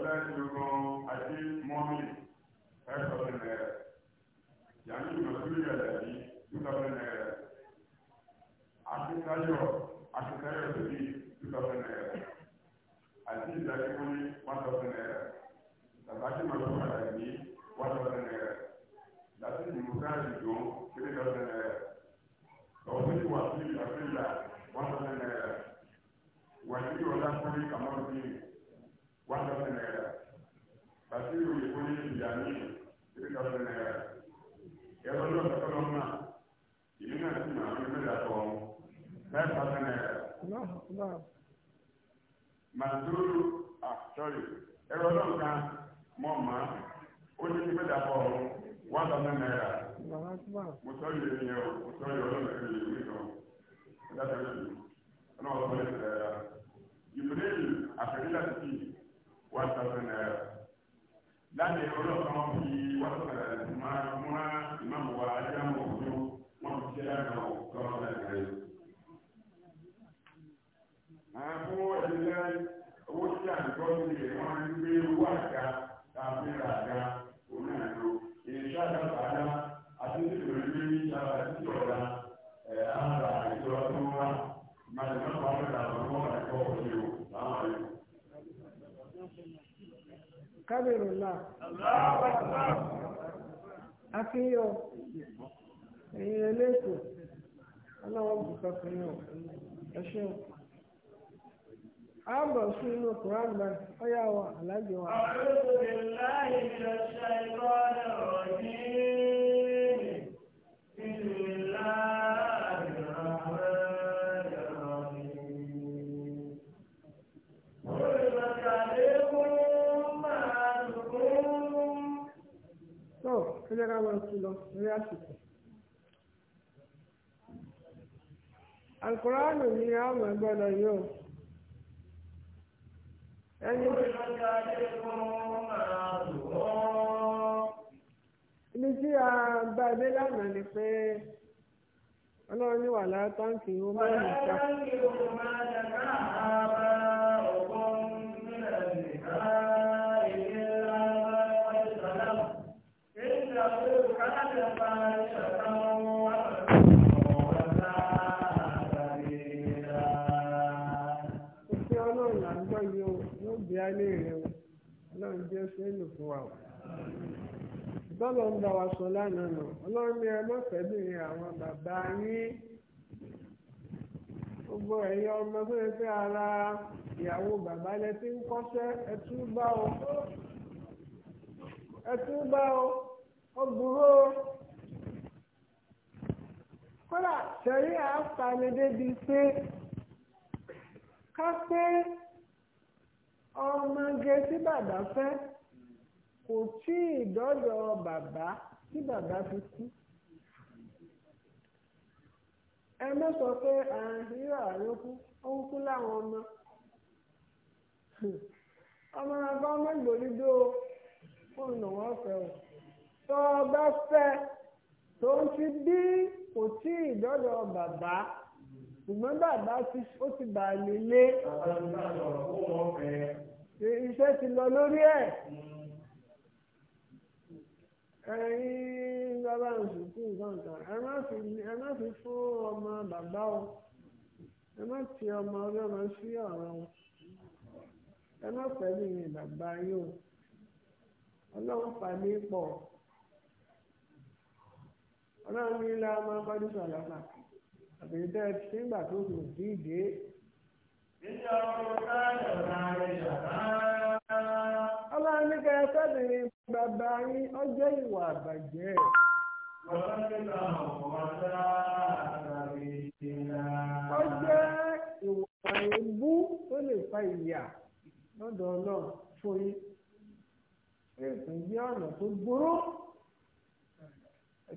ọlọ́dúnrún àti mọ́mí five thousand naira yanni ìmọ̀sílẹ̀ yẹlẹ̀ ní two thousand naira àti káyọ̀ àti káyọ̀ tòbí two thousand naira àti ìdájúwọ́n ní one thousand naira tàbí àti màlúwà rẹ̀ ní one thousand naira láti ìmúká ìdùn three thousand naira lọ́wọ́ tó ti wà sí ìdájúwọ́n one thousand naira wà ní ìwọ̀n lápò ní kàmọ́rù bíi one thousand naira basiru òyìnbó ní ìyàní three thousand naira ẹ̀rọ ní ọ̀sẹ̀ tọ́lọ́ náà ìlú náà sì máa ń mẹ́ta tọ́ five thousand naira. màdúró ah sorry ẹ̀rọ náà kan mọ̀ máa ó ní ti mẹ́ta tọ́ one thousand naira. mo sọ yìí ni o mo sọ yìí ọlọ́run ẹ̀rọ yìí mi kàn ẹ̀ dábẹ́ mi ọlọ́run ọ̀sán ẹ̀rọ yìí. ìbùdó yìí àfẹ́rí láti kí i. wàtàkùnà eh, láti ọlọ́kan fi wàtàkùnà eh, máa múra ìmáàmù wa ajámu òjò wọn fi ṣe lánà òkàn lẹ́gbẹ̀ẹ́. àwọn ìdílé owó tí a kábírùlá akínyọ ẹ̀yin ẹlẹ́kọ̀ọ́ ọlọ́wọ́ bùkọ́ fún yọ ẹ ṣeun. Àbọ̀ sínú Kùrán náà, ó yà wọ àlájọ wa. Àwọn olùdíláyìn lọ ṣe ìrọ̀lẹ́ òní. jẹ́ ká máa kú lọ lórí àsìkò. alukóraánù ni a máa gbọ́dọ̀ yóò. ẹni ibi tí a bá lánàá ni pé ọlọ́run ní wàhálà táǹkì ó máa ń ta. táǹkì ó máa ń ta káàbà ọ̀gbọ́n nílẹ̀ nìkan. ilé rẹ o ọlọ́run jẹ́ fẹ́lù fún wa o bọ́lọ̀ ń bá wa sọ lánàá nà ọlọ́run ní ẹ mọ́fẹ́bìnrin àwọn bàbá yín gbogbo ẹ̀yin ọmọ tó yẹ fẹ́ ara ìyàwó bàbá lẹ ti ń kọ́ṣẹ́ ẹ tún bá o ẹ tún bá o ó burú o kódà sẹ́rí àáfàá ni débi pé ká pé ọmọge tí bàbá fẹ́ kò tí ì dọ́dọ̀ bàbá tí bàbá fi kú ẹ má sọ pé àhírà ló kú ó ń kú láwọn ọmọ ọmọ ọba ọmọ ìgbòlídó fóònù wọn fẹ́ o tó ọba fẹ́ tó ń ti bí kò tí ì dọ́dọ̀ bàbá ṣùgbọ́n bàbá ó ti bà lè lé iṣẹ́ ti lọ lórí ẹ̀ ẹ̀yin bàbá òṣùkú nǹkan kan ẹ má fi fún ọmọ bàbá o ẹ má ti ọmọ ọlọ́mọ sí ọ̀rọ̀ o ẹ má pẹ̀lú ìyẹn bàbá yìí o ọlọ́run fà mí pọ̀ ọlọ́run ní ilé ọmọ akọ́dúnṣọ́ lọ́kàn. àbẹ̀yẹ̀dẹ́ ṣé ń gbà tó lò sí ìdè. nígbà wọn bá yọ̀ọ̀dà ìjàmbá. ọlọ́run ní kẹ́ fẹ́bìrin bàbá yín ọjọ́ ìwà àbàjẹ́. bàbá mi ta ọ̀pọ̀ ọjà àtàrí ìlà. ọjọ́ ìwà èébú tó lè fa ìyà lọ́dọ̀ fún yín. ọ̀nà tó ẹ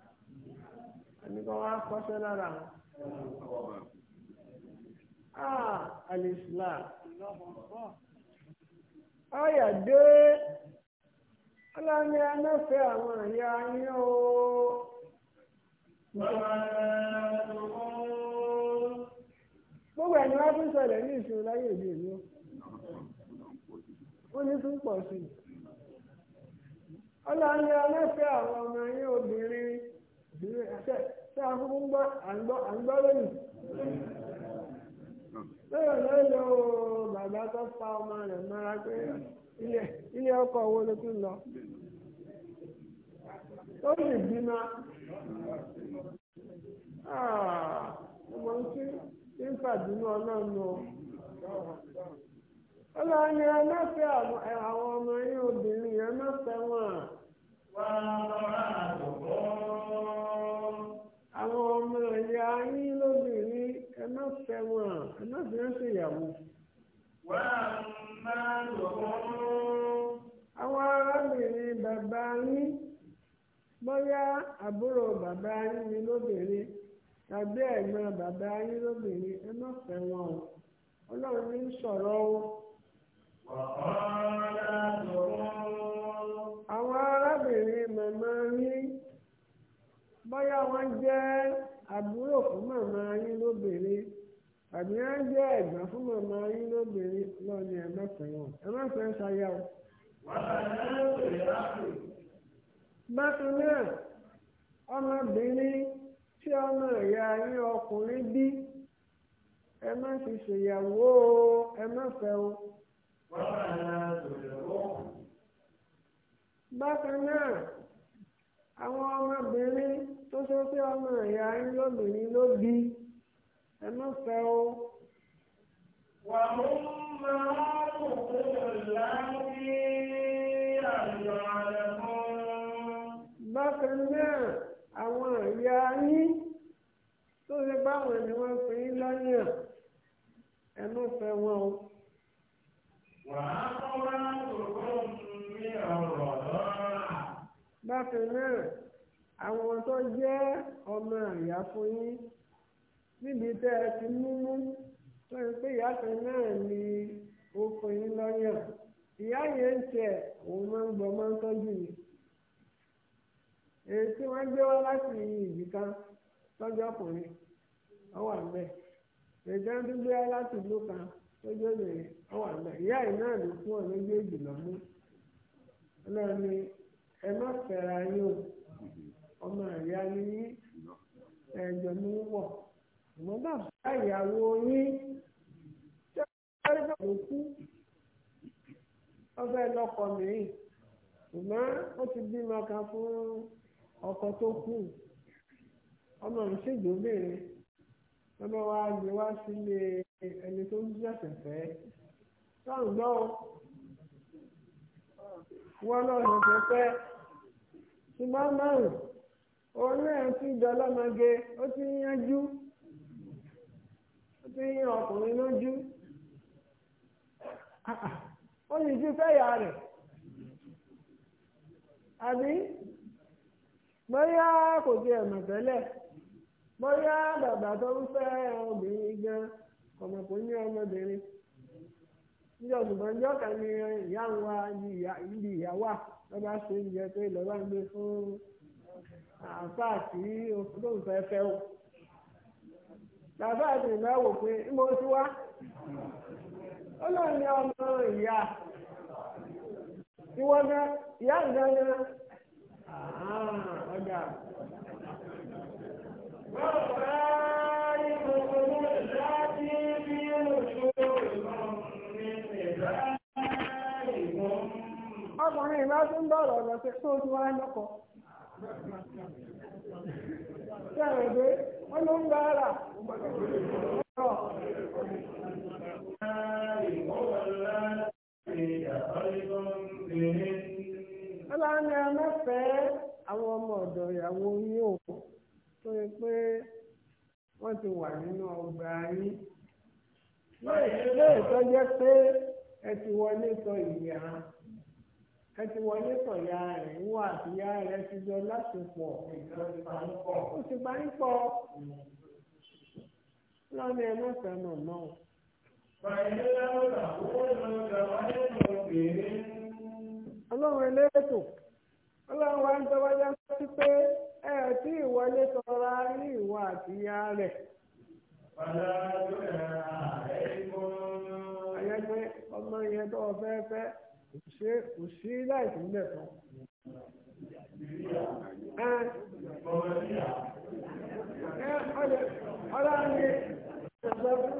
àmì kan wá lára wọn. Ah, al Ayà dé ọlọ́ni anáfẹ́ àwọn àyà yín o. Gbogbo ẹni wá fún ní ìṣòro láyé òde òní o. Ó ní tún pọ̀ sí Ọlọ́ni anáfẹ́ àwọn ọmọ yín obìnrin. ìgbìmọ̀ ẹ̀ṣẹ̀ tí a fún ń gbọ́ bàbá fa ọmọ rẹ̀ mọ́ra ilé ọkọ̀ owó ló tún lọ. ó sì ah, ọmọ o. ọlọ́run ẹ má fẹ́ àwọn ọmọ yín obìnrin ẹ má fẹ́ wọn. wàá àwọn ọmọ ẹ̀yà yín lóbìnrin ẹ má fẹ́ wọn ẹ má fi hàn máa wọ́n. àwọn arábìnrin bàbá yín bóyá àbúrò bàbá yín ni lóbìnrin tàbí ẹ̀gbọ́n bàbá yín lóbìnrin ẹ ọlọ́run ní sọ̀rọ̀ o. máa wọ́n. bóyá wọ́n jẹ́ àbúrò fún màmá yín lóbìnrin àbí wọ́n jẹ́ ẹ̀gbọ́n fún màmá yín lóbìnrin lọ́ọ̀ni ẹ̀ mẹ́fẹ̀ẹ́ wọn ẹ mẹ́fẹ̀ẹ́ ṣayá o. bákan náà ọmọbìnrin tí ọmọ ìyá yín ọkùnrin bí ẹ má fi ṣèyàwó o ẹ má fẹ́ o. bákan náà àwọn ọmọbìnrin. tó sọ pé ọmọ ìyá yín lóbìnrin ló bí ẹ má fẹ́ o. wà á mú máa kò kúrò láti àjọ àlẹ́ fún. bákan náà àwọn ìyá yín tó ṣe báwọn ni wọ́n fi yín lọ́yàn ẹ má fẹ́ wọn o. wà á kọ́ wá kò kúrò ní ọ̀rọ̀ lọ́rọ̀. bákan náà àwọn tó jẹ́ ọmọ àyà fún yín níbi tẹ́ ẹ ti múmú tó ń pè ìyá kan náà ni ó fún yín lọ́yàn ìyá yẹn ń tẹ òun máa ń gbọ́ máa ń tọ́jú ni èyí tí wọ́n gbé wá láti ìbí kan tọ́jú ọkùnrin ó wà ńbẹ̀ èyí tí wọ́n tún gbé wá láti ìlú kan tọ́jú obìnrin ó wà ńbẹ̀ ìyá yìí náà ló fún ọ méjèèjì lọ́mú ọlọ́run ni ẹ má fẹ́ra yín o ọmọ ìyá ni yín ẹ̀jọ̀ ni wọ̀ àmọ́ bàbá ìyàwó yín tẹ́lẹ̀ ló kú ọbẹ̀ lọ́kọ mìíràn ṣùgbọ́n ó ti bímọ kan fún ọkọ tó kù ọmọ rẹ̀ ṣègbóbìnrin ọmọ wa gbé wá sílé ẹni tó ń ṣẹ̀ṣẹ̀ fẹ́ tọ́hún gbọ́ wọn lọ́ọ́ ṣẹ̀ṣẹ̀ fẹ́ ṣùgbọ́n márùn-ún. òun náà ti dọlọ́mọge ó ti ń yanjú ó ti ń ọkùnrin ah, ah. ó sì ti fẹ́yà rẹ̀ àbí fẹ́ obìnrin gan ọmọkùnrin ní ọmọbìnrin wa ibi àáfàá tí olóhùn fẹ́ o bàbá àti ìmọ̀ wò pé mo ti wá ó lóun ní ọmọ ìyá ìwọ gan ìyá ìgbà gan ọjà. ọkùnrin ìbá tún ọ̀rọ̀ tó wá lọ́kọ̀ọ́. Sẹ́yìn wọ́n ló ń bá ara. Ọlá ni a mẹ́fẹ̀ẹ́ àwọn ọmọ ọ̀dọ̀ ìyàwó yín ò tó yẹ pé wọ́n ti wà nínú ọgbà yín. Lóòótọ́ jẹ́ pé ẹ ti wọlé sọ ìyá. ẹ ti wọlé tọ̀ ya rẹ̀ ń wà ya rẹ̀ ti jọ lásìpọ̀ ó ti gbá ń pọ̀ lọ́nà ẹ̀ mọ̀sán mọ̀ mọ́. ọlọ́run elétò ọlọ́run wa ń tọ́wájá sí pé ẹ tí ìwọlé ní ìwọ àti ya rẹ̀. ọmọ yẹn tó fẹ́ ṣé kò sí láìsí nílẹ̀ kan. ọ̀la ni ọ̀sẹ̀ fún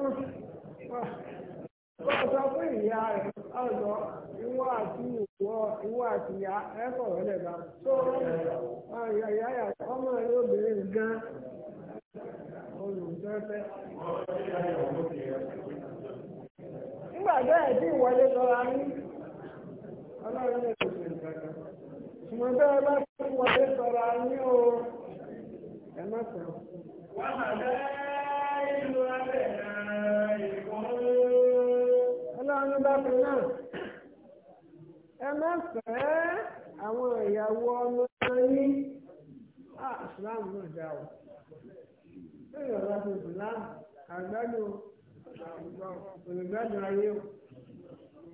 ọ̀sẹ̀ fún ìyá rẹ̀ ọ̀dọ́ ìwọ àti ìwọ ìwọ àti ìyá ẹ̀kọ́ rẹ̀ lẹ̀ bá. tó ìyá ìyá ọmọ rẹ̀ obìnrin gan olùdókẹ́. nígbà bẹ́ẹ̀ tí ìwọlé ọlọ́run lè ṣe ìgbàgbọ́ ṣùgbọ́n bẹ́ẹ̀ bá ti wọlé sọ̀rọ̀ ayé o ẹ má sọ̀rọ̀. wọ́n máa bẹ́ ìlú abẹ́ náà ìkún. ọlọ́run bá fi náà ẹ má fẹ́ àwọn ìyàwó ọmọ yín ìsìláàmù náà dá o bẹ́ẹ̀ ni ọ̀la fún ìsìláàmù àgbàdo olùgbàdo ayé o.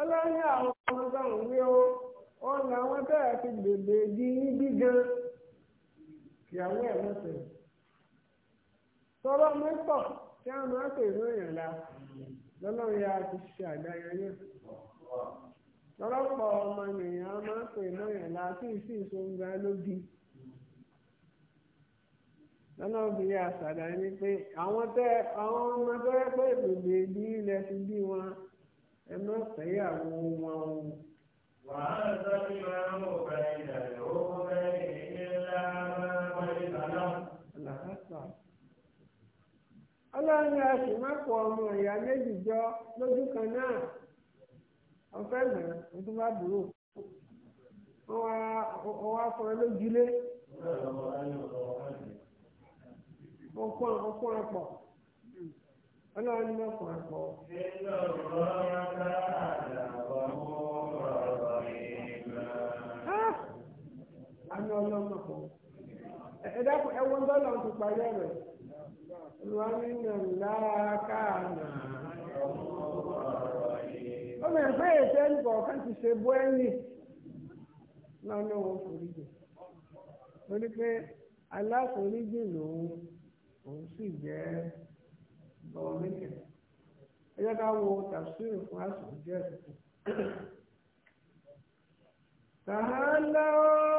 ọlọ́run àwọn ọmọdéwọ̀n wí ó wọn làwọn bẹ́ẹ̀ ti gbèbè di ní gígan ìyàwó ẹ̀ mọ́tẹ̀ tọ́lọ́ mẹ́pọ̀ tí a máa pè ní èèyàn la lọ́lọ́run ya ti ṣe àdáyẹ náà lọ́lọ́pọ̀ ọmọ ènìyàn máa pè ní la tí ì lóbi ni pé àwọn ọmọ pé ilẹ̀ ti bí wọn. ẹ má fẹ́yàwó wọn o. wàá sọ bí máa ń wò bá ìdàgbẹ́ ó bẹ́ ìdílé ńlá wọn ìbàdàn. àlàkàtà ọlọ́run a sì má pọ̀ ọmọ ìyá méjì jọ lójú kan náà ọ̀fẹ́ náà ojú bá dúró wọ́n wá fọ́ lójúlé. ọ̀pọ̀ ọ̀pọ̀ ọ̀pọ̀ ọlọ́run ní mọ̀kàn àpọ̀. Ah! nínú ọ̀rọ̀ ká àdàbọ̀ mú ọ̀rọ̀ ìgbà. àná ọlọ́run mọ̀kàn. ẹ dákun ẹ wọ́n bọ́ọ̀lù ọ̀hún ti parí ọ̀rọ̀ yìí. olùwà nínú ńlá ká àná. ó mẹ́rin pé ètò ẹnì kọ̀ọ̀kan ti ṣe bú ẹ̀yìn náà ní òun foríjì. torí pé aláforíjì lòun òun sì jẹ́ ọ̀rọ̀ méjì ẹ jẹ́ ká wo tàbísírì fún àsùn díẹ̀ sí تعالوا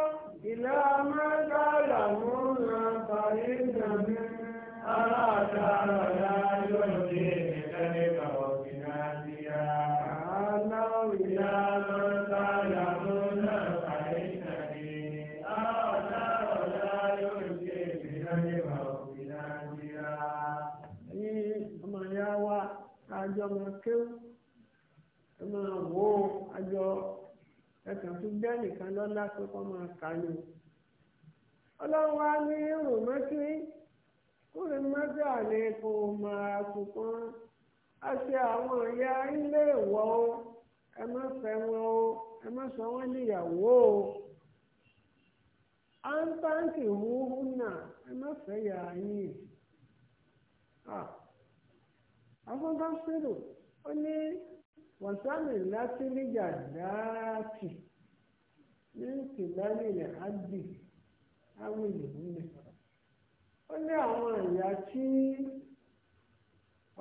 إلى ما تعلمون فإن من أراد لا يرجي ذلك وفي ناديا lọ ẹ̀sán tó gbẹ́ nìkan lọ́lá pé kọ́ máa kà ní. ọlọ́run wa ní rùmọ́tì kúrin mọ́tò ní máa a ṣe àwọn ìyá ilé ìwọ o ẹ má fẹ́ wọn o ẹ má sọ wọn níyàwó o à ń báńkì náà ẹ má fẹ́ yà ó ní. wàsánì lásìlíjà dáàtì ní ìtìlẹ́yìn àdì áwìlì nílẹ̀ ó ní àwọn ẹ̀yà tí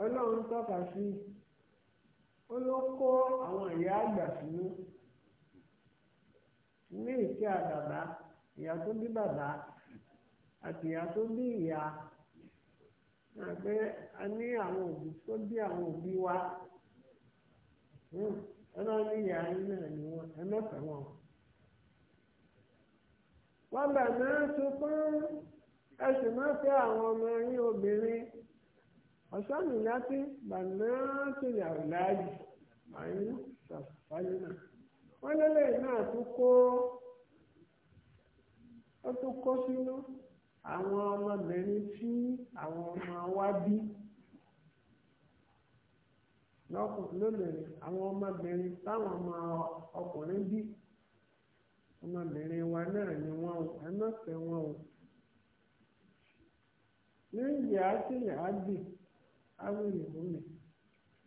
ọlọ́run tọ́ka sí ó ló kó àwọn ẹ̀yà àgbà sínú ní ìkẹ́ àdàbà ìyá tó bí bàbá àti ìyá tó bí ìyá àgbẹ̀ a ní àwọn òbí tó bí àwọn òbí wa ọlọ́run ní ìyá yín náà ni wọ́n ẹ mẹ́fẹ̀ẹ́ wọn. wọ́n bẹ̀ máa ń sunkún ẹ sì máa fẹ́ àwọn ọmọ yín obìnrin ọ̀sánù láti bànáàtì làwùláàjì àyín sàfàyínà wọ́n lélẹ̀ náà tún kó ó tún kó sínú àwọn ọmọbìnrin tí àwọn ọmọ wa bí. lóbìnrin àwọn ọmọbìnrin táwọn ọmọ ọkùnrin bí ọmọbìnrin wa náà ni wọn o ẹ má fẹ́ wọn o ní ìyá àtìyàn àgbè áwìrì múmi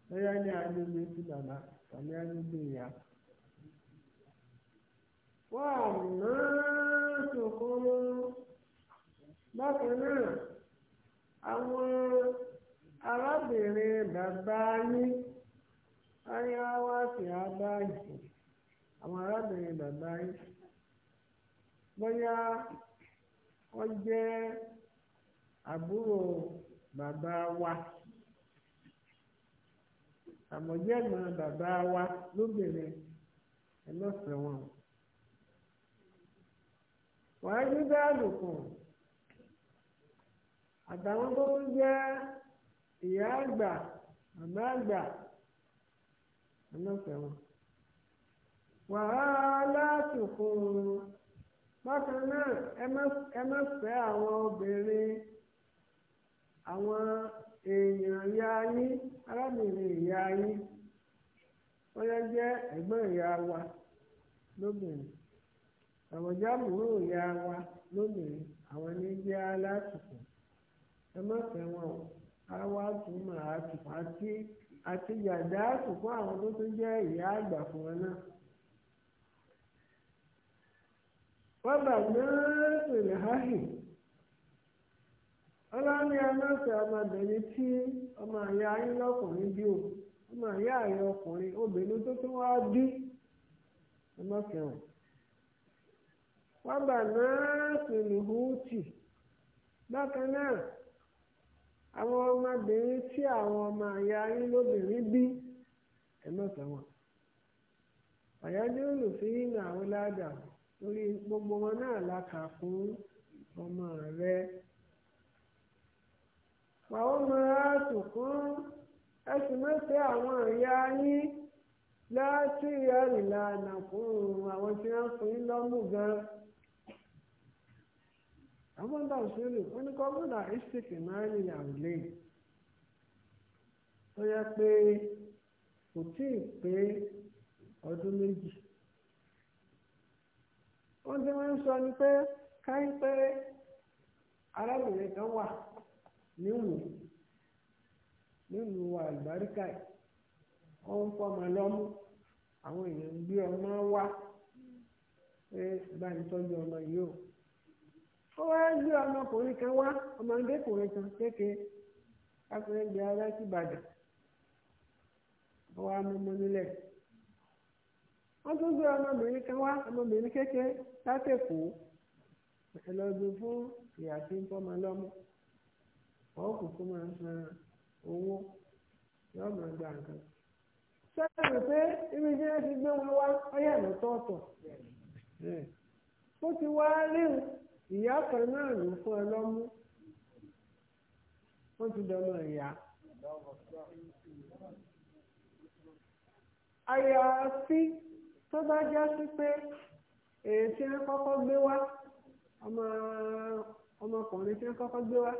lọ́yà ní agbègbè ti bàbá tàbí agbègbè ìyá. wọ́n àmọ́ sòkòrò bákan náà arábìnrin bàbá yín ayáwá sí abáyé àwọn arábìnrin bàbá yín bóyá wọ́n jẹ́ àbúrò bàbá wa àmọ̀jẹ́gbọ̀n bàbá wa lóbìnrin ẹlọ́sẹ̀ wọn. wàá gbé báàlù àtàwọn tó ń jẹ́. ìyá àgbà bàbá àgbà ọlọ́fẹ̀ẹ́ wọn. wàhálà tùkùn bákan náà ẹ má fẹ́ àwọn obìnrin àwọn èèyàn ìyá yín arábìnrin ìyá yín wọ́n yẹ jẹ́ ẹ̀gbọ́n ìyá wa lóbìnrin àwọ̀já jamuru ìyá wa lóbìnrin àwọn ní jẹ́ alásùkò ẹ má àwa tùmọ̀ àtùmọ̀ àti àti yàdá àtùkọ́ àwọn tó tún jẹ́ ìyá àgbà fún wọn náà. Bàbá náà pèlè háhì. Ọlọ́ni ẹlọ́sẹ̀ ọmọbìnrin tí ọmọ àyà ayé lọ́kùnrin bí o. Ọmọ àyà ayé ọkùnrin obìnrin tó tún wá bí náà pèlè húùtì. àwọn ọmọbìnrin tí àwọn ọmọ àyà yín lóbìnrin bí ẹ mọ̀tàn wọn àyájọ́ olùfín yìí ní àwọn ládàá lórí gbogbo wọn náà la fún ọmọ rẹ pàwọ́ mọ́ra sùkún ẹ sì mọ́tẹ́ àwọn àyà yín láti ìyá ìlànà fún àwọn tí wọ́n fún yín lọ́mú gan-an. abọ́dà òṣèlú wọn ní gómìnà istik mari àwùlé tó yẹ pé kò tí ì pé ọdụ meji wọ́n ti wọ́n ń sọ ni pé káyipẹ́ arábìnrin kan wà níwò nílùú àlùbáríkà ọ ń fọmọ lọ́mú àwọn èèyàn ń wa o. ó wá gbé ọmọkùnrin kan wá ọmọdékùnrin kan kékeré kápẹ́ gbé ara sí Ìbàdàn ó wá mọ́mọ́ nílẹ̀ wọ́n tún gbé ọmọbìnrin kan wá ọmọbìnrin kékeré látẹ̀kọ́ ẹ lọ gbé fún ìyá tí ń fọmọ owó máa gba nǹkan. pé ibi tí wọ́n ti gbé wọn wá lọ́tọ̀ọ̀tọ̀ ti wá ìyá kan náà ló fún ẹ lọ́mú wọ́n ti dọ́mọ ìyá. àyàfi tó bá já sí pé èyí tí kọ́kọ́ gbé wá ọmọ ọmọkùnrin tí wọ́n kọ́kọ́ gbé wá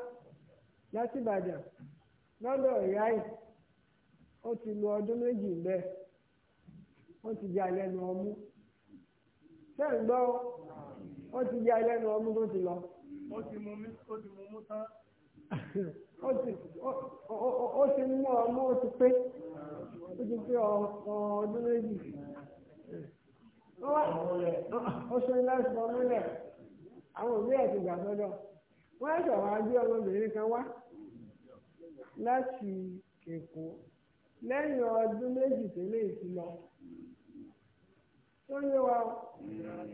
láti Ìbàdàn lọ́dọ̀ ìyá ó ti yá ẹlẹ́nu ọmú tó ti lọ. ó ti mú ti mú O tán. ó ti mú ọmú ó ti pé ti pé ọdún méjì. ó ṣe láti sọ mílẹ̀ àwọn òbí ẹ̀ ti gbà sọ́dọ̀ wọ́n bí tó yé wa o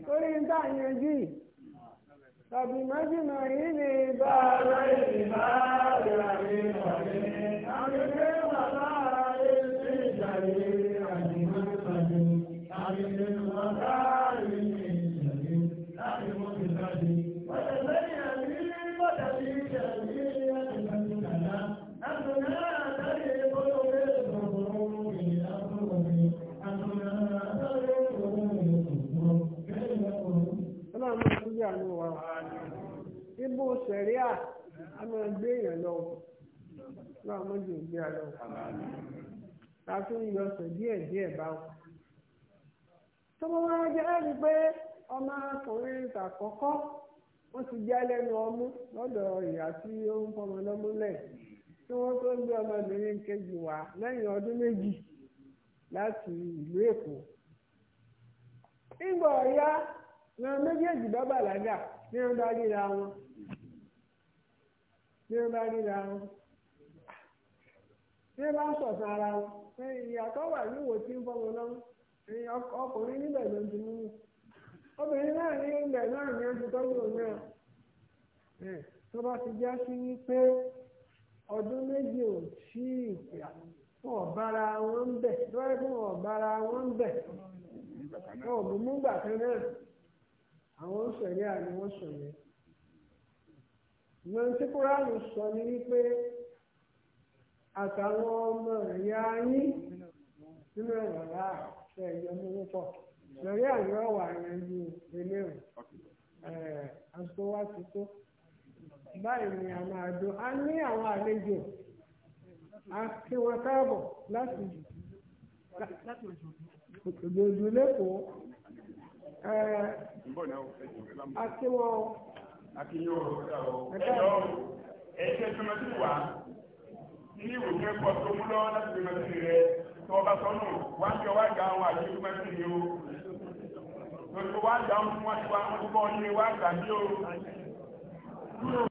torí ń tà yẹn jù yìí tàbí májìmọ̀ yìí ni bá a lọ ìbá rẹ̀ àmì ọ̀rẹ́. máa gbé èèyàn lọ náà wọ́n jù gbé a lọ. ta tún yọ ọ̀sẹ̀ díẹ̀ díẹ̀ báwọn. tọ́wọ́ wá jẹ́ pé ọmọ wọ́n ti lẹ́nu ọmú lọ́dọ̀ ìyá tí ó ń fọmọ lọ́mú lẹ̀ tí wọ́n tó gbé ọmọbìnrin kejì wá lẹ́yìn ọdún méjì láti ìlú Èkó. ìgbà ni méjèèjì bá bàlágà ní ọdún wọn. bí wọ́n bá ríra wọn bí wọ́n bá ń sọ̀tàn ara wọn ìyàtọ̀ wà níwò tí ń fọmọ náà ọkùnrin níbẹ̀ ló ń dunú obìnrin náà ní ibẹ̀ náà ní tó náà tó bá ti já sí wípé ìwọ̀n tí kúránù sọ ni wípé àtàwọn ọmọ ìyá yín nínú ìrọ̀lá ẹ̀yọ mú pọ̀ lórí àyọ̀ wà yanjú wa ti tó báyìí ni a máa a ní àwọn àlejò a kí wọn káàbọ̀ láti lẹ́kọ̀ọ́ a kí wọn. ẹ̀jẹ̀ tó máa ti wà ní ìwò tó ń tó mú lọ́wọ́ láti fi máa ti rẹ̀ tó ọba sọ́nù wá ń jọ wá gba àwọn àti tó máa ti rí o tó wá gba àwọn tó wá ti wá ń kọ́ ní wá gbà bí o.